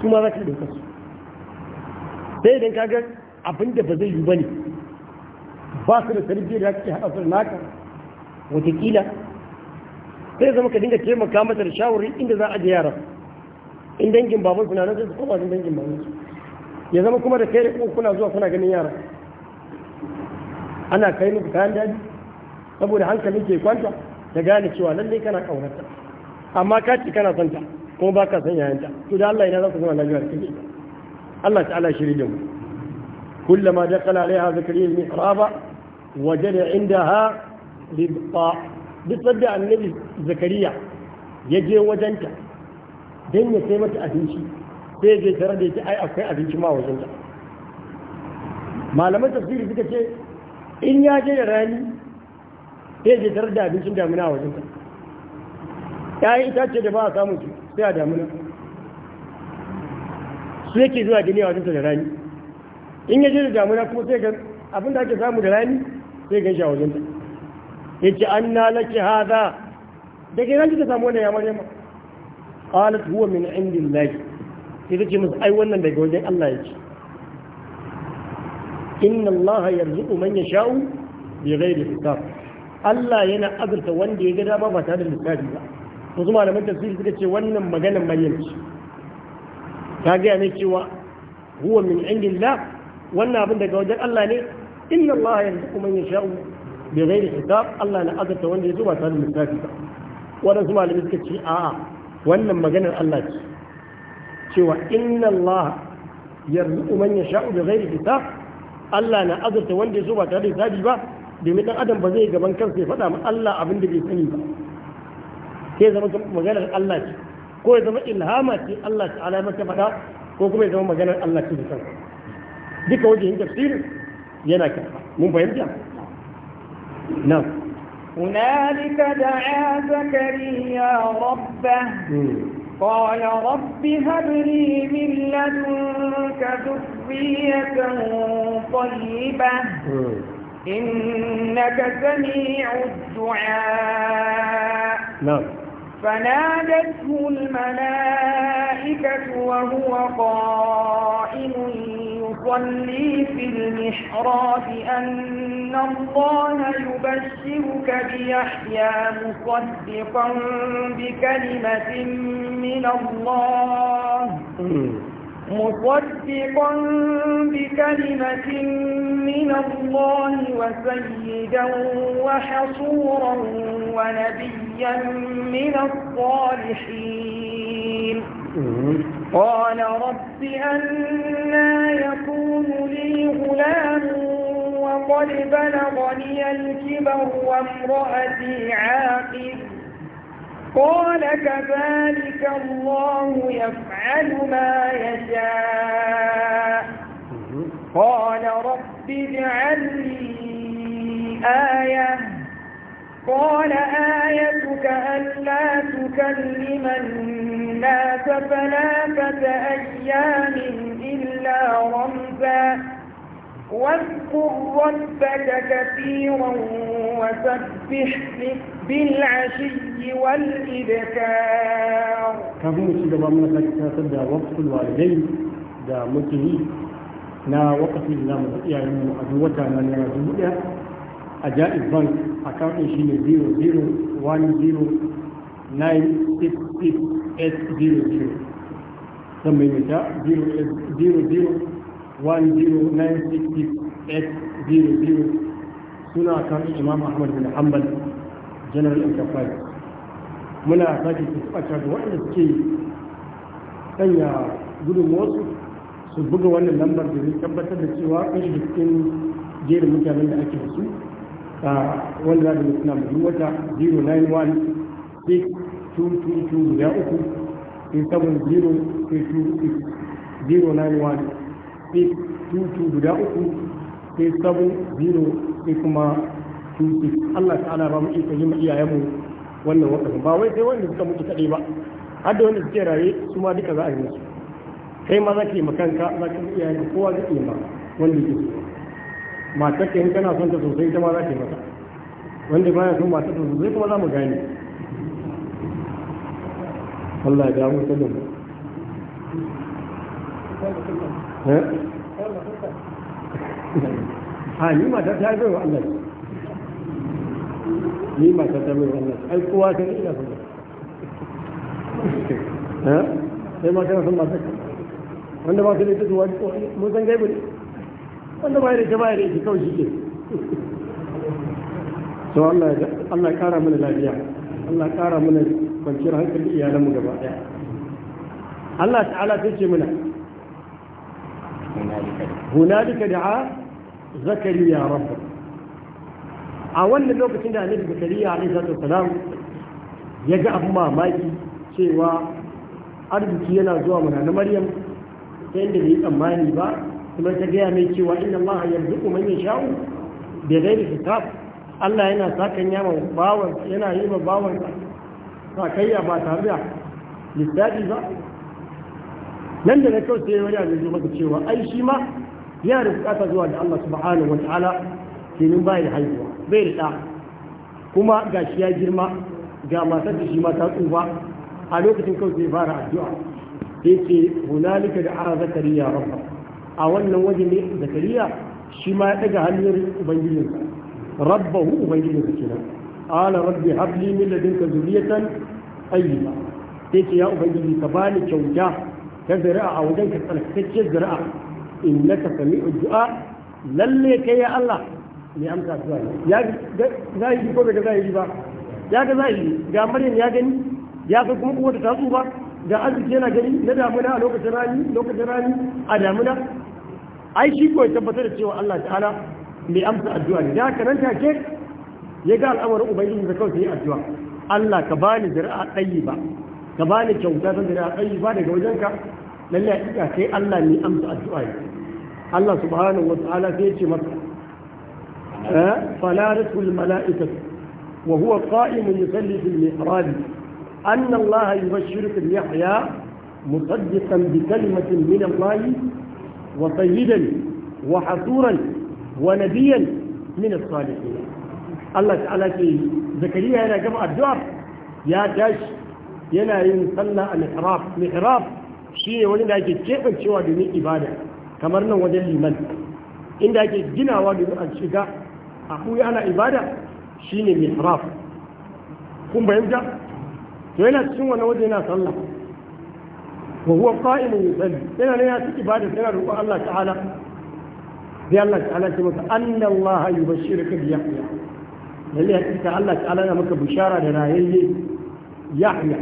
kuma za ka ɗauka su sai idan ka ga abin da ba zai yi ba ne ba su da tarbiyyar da ake haɗa sun naka watakila sai zama ka dinga taimaka mata da shawarar inda za a ji yara in dangin baban su nan sai su koma dangin baban su ya zama kuma da kai da kuna zuwa kuna ganin yara ana kai muku kayan daji saboda hankali ke kwanta da gane cewa lallai kana ƙaunarta amma ka kana son ta kuma ba ka san yayanta to da Allah idan za ku zama lafiya da kake Allah ta'ala shiri da mu kullama dakala alaiha zakariya mihraba wajada indaha libqa duk sadda annabi zakariya ya je wajenta dan ya sai mata abinci sai je tare da ita ai akwai abinci ma wajenta malaman tafsiri suka ce in ya je da rani sai je tare da abincin damina wajenta ya yi itace da ba a samun su sai a damuna su yake zuwa gini a wajen da rani in ya je da damuna kuma sai ga abinda ake samu da rani sai ga shi a wajen ta ya ce an na laki haza da ke ranci ta samu wannan ya maryama qalat huwa min indillahi sai ta ce musu ai wannan daga wajen Allah ya ce inna Allah yarzuqu man yasha'u bi ghairi hisab Allah yana azurta wanda ya ga dama ba tare da lissafi ba wasu malaman tafsiri suka ce wannan maganar maryam ce ta gaya ne cewa huwa min indillah wannan abin daga wajen Allah ne inna Allah yarzuqu man yasha'u bi ghairi hisab Allah na azata wanda ya zuba tare da lissafi ba waɗansu malamai suka ce a'a wannan maganar Allah ce cewa inna Allah yarzuqu man yasha'u bi ghairi hisab Allah na azata wanda ya zuba tare da lissafi ba domin dan adam ba zai gaban kansa ya faɗa ma Allah abin da bai sani ba sai zama maganar Allah ce ko ya zama ilhama ce Allah ta'ala ya masa faɗa ko kuma ya zama maganar Allah ce da kansa duka wajen tafsirin yana karɓa mun fahimta na'am هنالك دعا زكريا ربه قال رب هب لي من لدنك ذرية طيبة إنك سميع الدعاء نعم فنادته الملائكة وهو قائم يصلي في المحراب أن الله يبشرك بيحيى مصدقا بكلمة من الله مصدقا بكلمة من الله وسيدا وحصورا ونبيا من الصالحين قال رب أنا يكون لي غلام وقد بلغني الكبر وامرأتي عاقب قال كذلك الله يفعل ما يشاء قال رب اجعل لي آية قال آيتك ألا تكلم الناس ثلاثة أيام إلا رمزا واذكر ربك كثيرا وسبح ذكرا bil'ashi da muke yi na wakafin da mu iya yin mu a wata na naira dubu daya a jaiz bank a kafin shi ne 00106800 zan maimaita 00106800 suna kafin imam ahmad bin hanbal general enterprise muna sake fata da waɗanda suke sanya wasu su buga wannan lambar da zai tabbatar da cewa an shi cikin jerin mutanen da ake su a wanda za da na mutum wata 091 6222 guda uku 091 6222 guda uku kuma tuki Allah ta'ala ba mu iko yi mu iyayenmu wannan wakafin ba wai sai wanda suka mutu kadai ba har da wanda suke raye su ma duka za a yi musu kai ma za ka yi makanka za ka yi iyayen kowa zai yi ma wanda ke so matar ka in kana son ta sosai ita ma za ka yi mata wanda ba ya son matar ta sosai kuma za mu gane Allah ya damu ta eh? damu ha ni da ta yi wa Allah ni mata ta mai wannan ai kowa ta sai ma kana wanda ba ta da tuwa ko san gaibu ne wanda ba da ta da shi kawai shi ke to Allah ya Allah ya kara mana lafiya Allah ya kara mana kwanciyar hankali gaba daya Allah ta'ala ta ce mana a wannan lokacin da annabi zakariya alaihi salatu wasalam ya ga abu mamaki cewa arziki yana zuwa mana na maryam ta yadda bai tsammani ba kuma ta gaya mai cewa inna allaha yarzuqu sha'u da zai da hisab Allah yana sakan yama bawan yana yi ma bawan sakayya ba tare da lissafi ba nan da na kyau sai wani abin maka cewa ai shi ma yana da bukata zuwa da Allah subhanahu wa ta'ala kenan bayan haihuwa bai da kuma ga shi ya girma ga matar da shi ma ta tsufa a lokacin kawai sai fara addu'a sai ce hunalika da ara zakariya rabba a wannan waje ne zakariya shi ma ya daga hannun ubangijinsa rabbahu ubangijinsa kenan ala rabbi habli min ladunka zuriyatan tayyiba sai ce ya ubangiji ka bani kyauta ta zuri'a a wajen ka tsarkakacciyar zuri'a innaka sami'u addu'a, lalle kai ya Allah mai amsa su ya ga zahiri ko bai ga yi ba ya ga yi. ga maryam ya gani ya ga kuma kuma ta ba? ga arziki yana gani na damuna a lokacin rani lokacin rani a damuna ai shi ko ya tabbatar da cewa Allah ta'ala mai amsa addu'a ne da haka nan take ya ga al'amarin ubangiji da kawai yi addu'a Allah ka bani zira'a ɗayi ba ka bani kyauta ta zira'a ɗayi ba daga wajenka lallai a kai Allah mai amsa addu'a ne Allah subhanahu wa ta'ala sai ya ce masa فلارته الملائكة وهو قائم يصلي في المحراب أن الله يبشرك بيحيى مصدقا بكلمة من الله وسيدا وحصورا ونبيا من الصالحين الله تعالى في زكريا هنا جمع الدعاء يا تاش yana yin sallah a mihrab mihrab shine wani da ake kebancewa domin ibada kamar nan wajen liman inda ake ginawa domin a shiga a ana ibada shine mihrab kun bayyana to yana cikin wani waje yana sallah wa huwa qa'imun yusalli yana ne ya ci ibada yana roƙon Allah ta'ala sai Allah ta'ala ce masa anna Allah yubashshiruka bi yahya lalle hakika Allah ta'ala ya maka bishara da rayayye yahya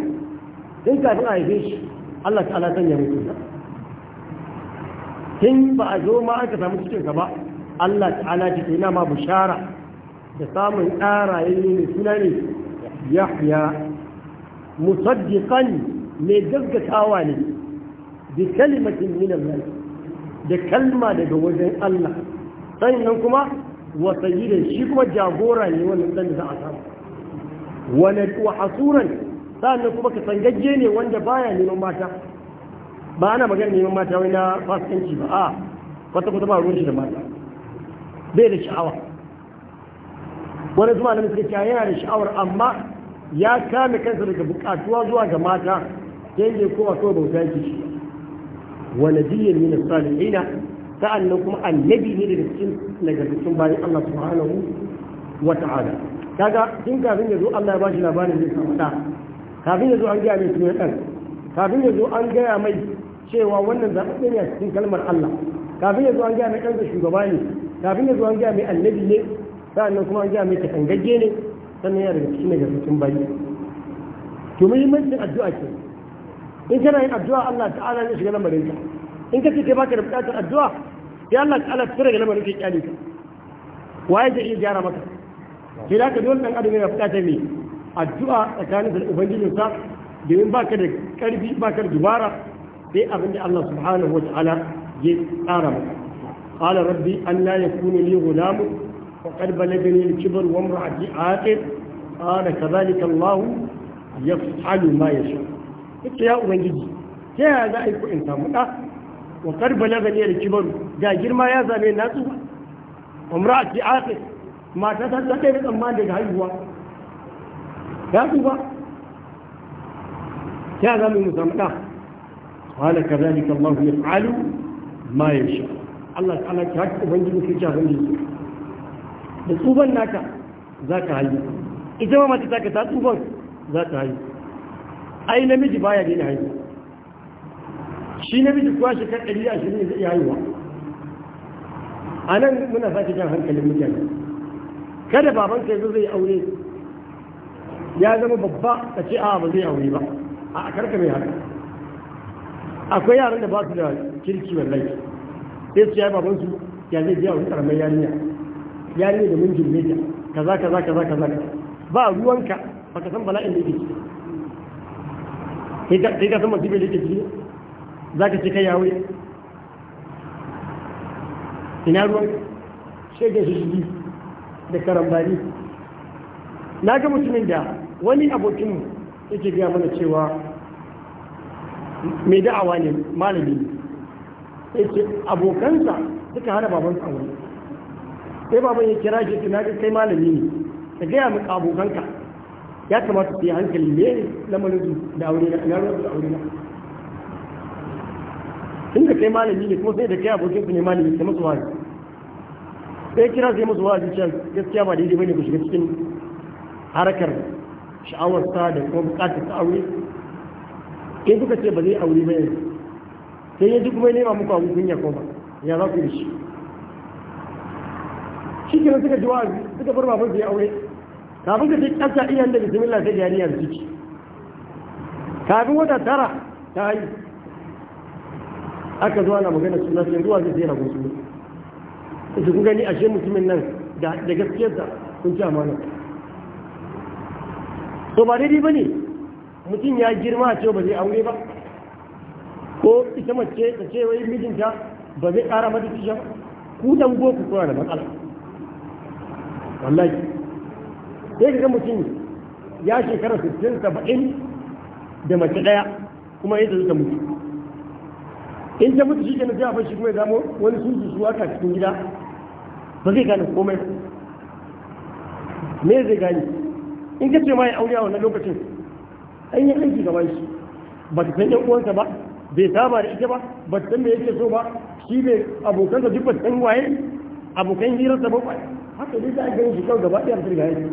in kafin a haife shi Allah ta'ala sanya ya mutu tun ba a zo ma aka samu cikin ka ba Allah ta'ala ji ina ma bushara da samun ƙara yayi ne suna ne yahya musaddiqan mai gaggatawa ne bi kalimatin min nan da kalma daga wajen Allah sannan kuma wa sayyidan shi kuma jagora ne wani dan da aka wala wa hasuran sannan kuma ka sangajje ne wanda baya neman mata ba ana magana neman mata wani na fasikanci ba a kwata-kwata ba ruwan shi da mata bai da sha'awa wani zuwa na suka ya yana da sha'awar amma ya kame kansa daga bukatuwa zuwa ga mata sai yanzu kuma so bauta yake shi wa nabiyyin min salihina nan kuma annabi ne daga cikin nagartattun bayan Allah subhanahu wa ta'ala kaga tun kafin ya zo Allah ya bashi labarin zai samu da kafin ya zo an gaya mai sunan ɗan kafin ya zo an gaya mai cewa wannan zaɓaɓɓe ne a cikin kalmar Allah kafin ya zo an gaya mai ɗansa shugaba ne kafin ya zo an gaya mai annabi ne sa'annan kuma an gaya mai katangagge ne sannan yana daga cikin nagartattun bayi to muhimmancin addu'a ke in kana yin addu'a Allah ta'ala ne shiga lamarin ka in ka ce kai baka da bukatar addu'a sai Allah ta'ala ta daga lamarin ka kyale ka waye zai iya gyara maka sai da ka dole dan adam yana bukatar me addu'a tsakanin da sa, domin baka da karfi baka da dubara sai abin da Allah subhanahu wa ta'ala ya tsara maka قال ربي أن لا يكون لي غلام وقد بلغني الكبر وامرأتي آخر قال كذلك الله يفعل ما يشاء قلت يا أبنجي يا هذا أيكو إنسان مدى وقد بلغني الكبر جا جرما يا زامي ناسو وامرأتي عاقر ما تتحدث من أمان لك هاي هو يا زامي مسامدى قال كذلك الله يفعل ما يشاء Allah ta'ala ki haka ubangiji ki jafin ji da tsuban naka za ka hayi ita ma mace ta ta tsuban za ta hayi ai namiji baya daina hayi shi namiji kuwa shekar 120 ne zai iya haihuwa a nan muna sake jan hankalin mutane kada ka yi zai aure ya zama babba ka ce a ba zai aure ba a karka mai haka akwai yaran da ba su da kirki wallahi sai su ya baban su ya zai biya wani karamar yarinya yarinya da mun jirme ta kaza kaza kaza kaza ba ruwanka baka san bala'in da yake ciki sai ka san masifin da yake ciki za ka ce kai yawo ina ruwan shege su shigi da karambani na ga mutumin da wani abokinmu yake gaya mana cewa mai da'awa ne malami sai ce abokansa suka hana baban aure sai baban ya kira shi na ga kai malami ne ka gaya maka abokanka ya kamata su yi hankali ne lamarin malami da aure na ya ruwa da aure na tun da kai malami ne kuma sai da kai abokin su ne malami ta masu wani sai kira sai masu wani can gaskiya ba daidai bane ku shiga cikin harakar sha'awarsa da kuma bukatar ta aure in kuka ce ba zai aure ba yanzu sai ya duk kuma ya nema muku abin kunya ko ba ya za ku yi shi shi ke suka ji wa'azi suka bar babansu ya aure kafin ka ce ƙasa iya da bismillah sai jariya da ciki kafin wata tara ta yi aka zuwa na magana suna sai zuwa zai zai gusu su ku gani ashe mutumin nan da gaskiyarsa sun ci amana to ba daidai ba ne mutum ya girma a cewa ba zai aure ba ko ita mace ta ce wai mijinta ba zai kara mata kishin ku dan boko kuna da matsala wallahi sai ga mutum ya shekara 60 70 da mace daya kuma yadda ta mutu in ta mutu shi ke na sai a kuma ya zamo wani sun su haka cikin gida ba zai gane komai me zai gani? in ka ce ma ya aure a wannan lokacin an yi aiki gaban shi ba ta san yan uwansa ba bai saba da ita ba ba san me yake so ba shi ne abokan da duk ba san waye abokan hirarsa ba ba haka dai za a gani shi kawai gaba ɗaya mutum ga yake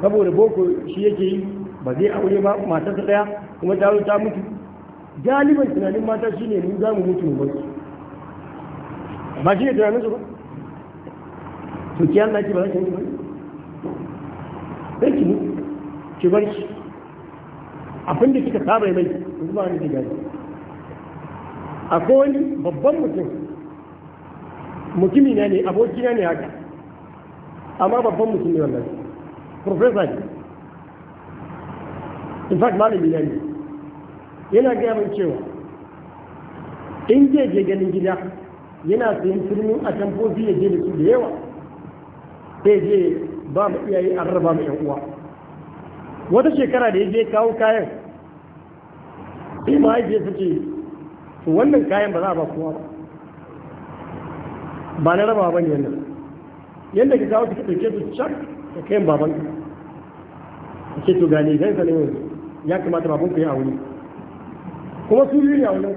saboda boko shi yake yi ba zai aure ba mata ta ɗaya kuma ta ta mutu galiban tunanin mata shi ne mun za mu mutu mu ba shi ne tunanin su ba to ki Allah ki ba za ki mutu ba sai ki mutu ki bar shi abin da kika saba mai zuwa ne ki gani akwai wani babban mutum mutumi ne abokina ne haka amma babban mutum ne wannan professor ne in fact malami ne yana gaya min cewa in je je ganin gida yana sayan turmi a tamfofi ya je da su da yawa sai je ba mu iyaye an raba mu uwa wata shekara da ya je kawo kayan sai mahaifiyarsa ce to wannan kayan ba za a ba kowa ba ba na raba ba ne wannan yadda ka kawo ka ɗauke su cak ka kayan baban ka ce to gani zai sani ya kamata baban ku yi aure kuma su yi a wannan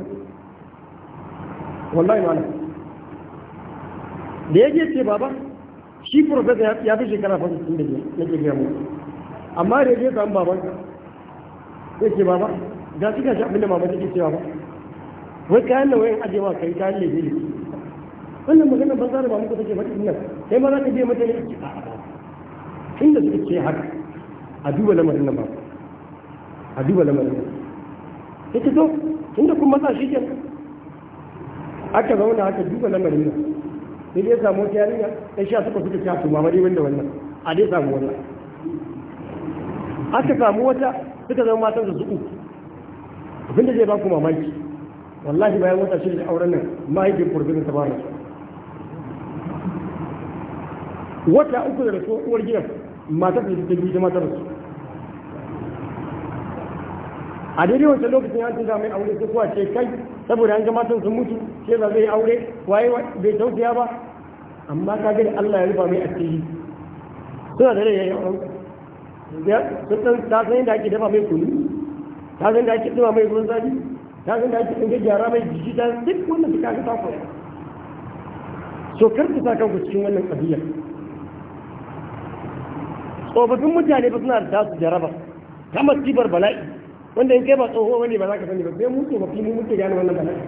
wallahi malam da yake ce baba shi profesa ya fi shekara fa 65 ke gaya mu amma da yake samu baban ka ce baba ga shi ka shi abinda mama take cewa ba wai kayan nan wayan ajewa kai kayan lebe ne wannan magana ban zara ba muku take mata nan sai ma za ka biya mata ne a a inda suka ce haka a duba lamarin nan ba a duba lamarin nan ya ce to inda kun matsa shi ke? aka zauna aka duba lamarin nan sai dai samu wata yarinya sai sha suka suka ta ba mari wanda wannan a dai samu wannan aka samu wata suka zama matan da su uku abinda zai ba ku mamaki wallahi bayan wata shi da auren nan mahaifin furfinin ta bani wata uku da rasuwar uwar gidan matar da ta gida matar su a daidai wancan lokacin an zama mai aure sai kuwa ce kai saboda an ga matan sun mutu ce ba zai aure waye bai tausaya ba amma ka gani Allah ya rufa mai asiri suna da rai ya yi auren sun ta san da ake dafa mai kunu ta san da ake dafa mai ruwan zafi ta ga ake ɗan gyara mai jiki ta duk wannan duka ga ta koya so kar ku sa kanku cikin wannan ƙabila tsofaffin mutane ba suna da su jaraba ta masibar bala'i wanda in kai ba tsoho wani ba za ka sani ba sai mu tsofaffi mu muke gane wannan bala'i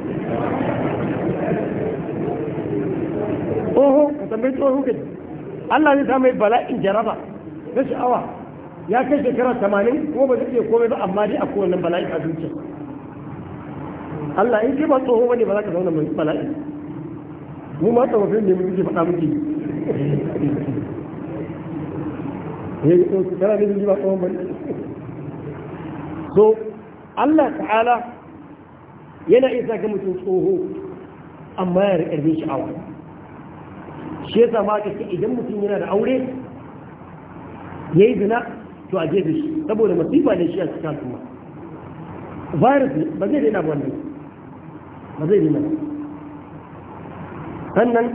tsoho ka tambayi tsoho ka ji Allah zai samu bala'in jaraba na sha'awa ya kai shekara 80 kuma ba zai iya komai ba amma dai a kowane bala'i a zuciya Allah in ke ba tsoho bane ba za ka zauna mai bala'i mu ma tsofaffin ne muke faɗa muke ya yi tsoho kana ne ba tsohon bane so Allah ta'ala yana isa ga mutum tsoho amma ya riƙar bin sha'awa shi yasa ma ka ce idan mutum yana da aure ya yi zina to a jefe shi saboda masifa ne shi a cikin kuma virus ba zai daina ba wanda. ba zai nuna sannan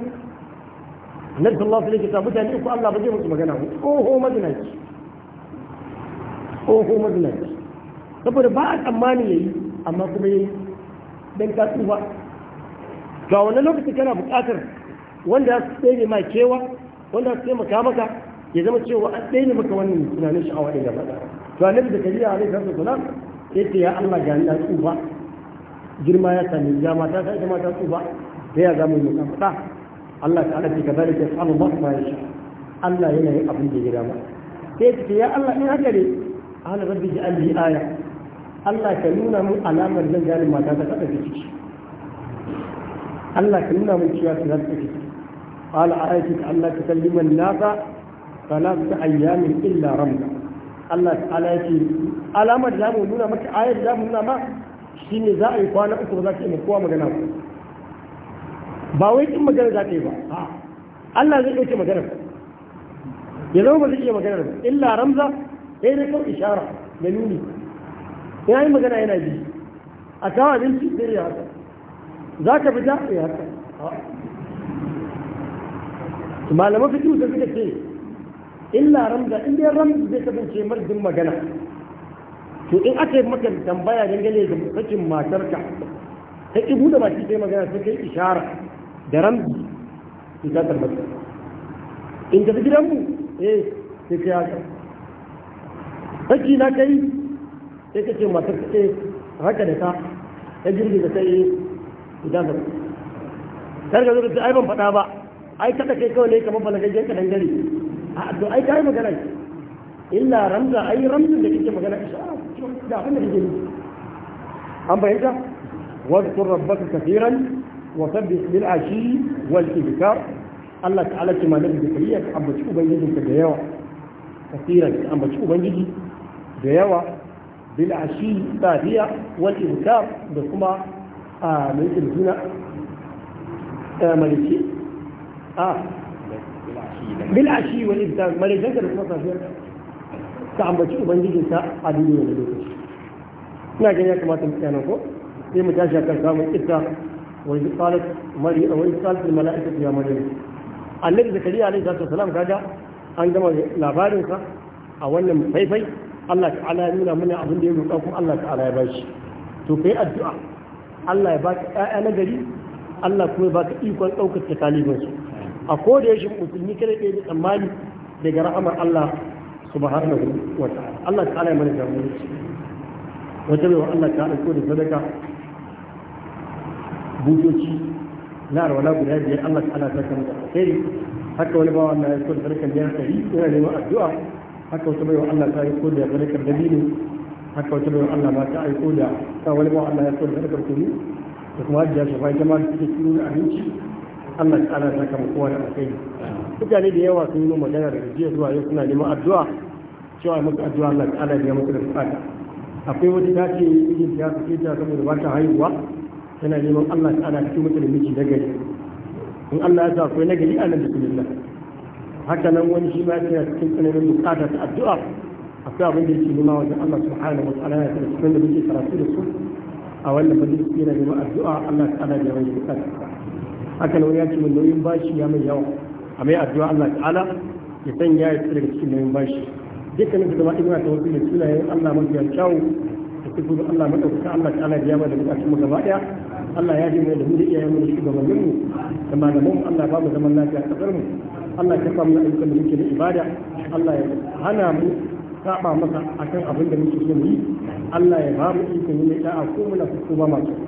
na da Allah sulai ta mutane uku Allah ba zai musu magana ba oho mazinaci oho mazinaci saboda ba a tsammani ya yi amma kuma ya yi don ka tsufa ga wani lokaci kana buƙatar wanda ya tsaye ma kewa wanda ya taimaka maka ya zama cewa an ɗaya maka wannan tunanin sha'awa ɗin da ba ɗaya to annabi zakariya alaihi salatu wasalam yace ya Allah ga ni na tsufa girma ya sami ya mata ta ita mata tsufa ta ya zama mu kafa Allah ta ala fi kadhalika yaf'alu ba ma yasha Allah yana yin abin da ya dama sai ce ya Allah in haka ne ana rabbi ji alli aya Allah ka nuna mun alamar zan gane mata ta kada ciki Allah ka nuna mun cewa ta kada ciki قال آيتك ألا تكلم الناس ثلاثة أيام إلا رمضان Allah ta'ala ya ce alamar da mu nuna maka ayar da mu nuna ma shi ne za a yi kwana uku ba za ka yi kowa magana ba ba wai kin magana za ka yi ba Allah zai ɗauke magana ya zama ba zai iya magana ba illa ramza ya yi da kan ishara da nuni ya yi magana yana ji a kawo abinci sai ya haka za ka fita ya haka malaman fitu da suka ce illa ramza inda ya ramza zai kasance marjin magana to in aka yi maka tambaya dangane da sakin matarka ta ibu da baki sai magana sai kai ishara da ramzi ki ta tabbata in tafi gidanmu eh sai kai haka saki na kai sai ka ce matar ka ce eh, haka da ta ta jirgin da sai ki ta tabbata kar ka zo da ai ban faɗa ba ai kada kai kawai ne kamar balagaggen ka dangare a to ai kai magana illa ramza ai ramzin da kike magana ishara da abin da kake an bayyana Wasu rabbaka kaseeran wa sabbih bil ashi wal ibkar Allah ta'ala ce malamin da kariya ka ambaci ubangijinka da yawa kaseeran ka ambaci ubangiji da yawa bil ashi safiya wal ibkar da kuma a mai kirjina maliki a bil ashi wal ibkar malikan da kuma safiya ka ambaci ubangijinka a duniya da lokaci ina ganin ya kamata mu tsaya ko sai mu tashi akan samun kissa wa qalat mari wa qalat al mala'ikatu ya maryam annabi zakariya alaihi salatu wasalam kaga an gama labarin sa a wannan faifai Allah ta'ala ya nuna mana abin da ya roƙa kuma Allah ta'ala ya bashi to kai addu'a Allah ya baka ƴaƴa na gari Allah kuma ya baka ikon ɗaukar takalibin su a ko koda yaushe musulmi kada ya yi tsammani daga rahamar Allah subhanahu wa ta'ala Allah ta'ala ya mana jagoranci wata wa Allah ta'ala ko da sadaka butoci na arwala guda biyar Allah ta'ala ta kama da alheri haka wani bawa Allah ya ko da barkan biyar ɗari yana neman addu'a haka wata bai wa Allah ta yi ko da barkan dalilin haka wata bai wa Allah ma ta ko da ta wani bawa Allah ya ko da barkan kunu da kuma hajjiya shafa jama'a da suke cikin abinci Allah ta ala saka mu kowa da alkhairi mutane da yawa sun yi magana da jiya zuwa yau suna neman addu'a cewa muku addu'a Allah ta ala ya mutu da bukata akwai wata ta ce yin ta fice ta saboda ba ta haihuwa tana neman Allah ta ala cikin mutum miji na gari in Allah ya sa akwai na gari a nan bismillah haka nan wani shi ma yana cikin tsananin bukata ta addu'a akwai abin da yake nema wajen Allah subhanahu wa ta'ala ya tsare da muke karatu da su a wannan majalisi yana neman addu'a Allah ta ala ya rage bukata haka nan ya ce min nauyin bashi ya mai yawa a mai addu'a Allah ta'ala ya sanya ya tsira da cikin nauyin bashi dukkanin su zama ina ta wasu da sunayen Allah mafiya kyawu da su kuma Allah maɗaukaka Allah ta'ala ya ba da bukatun mu gaba ɗaya Allah ya ji mai da mu da iyayen mu da shugabannin mu da malaman mu Allah ba mu zaman lafiya a mu Allah ya samu na ayyukan da muke na ibada Allah ya hana mu saba masa akan abin da muke so mu yi Allah ya ba mu ikon yin da'a ko muna ko kuma masu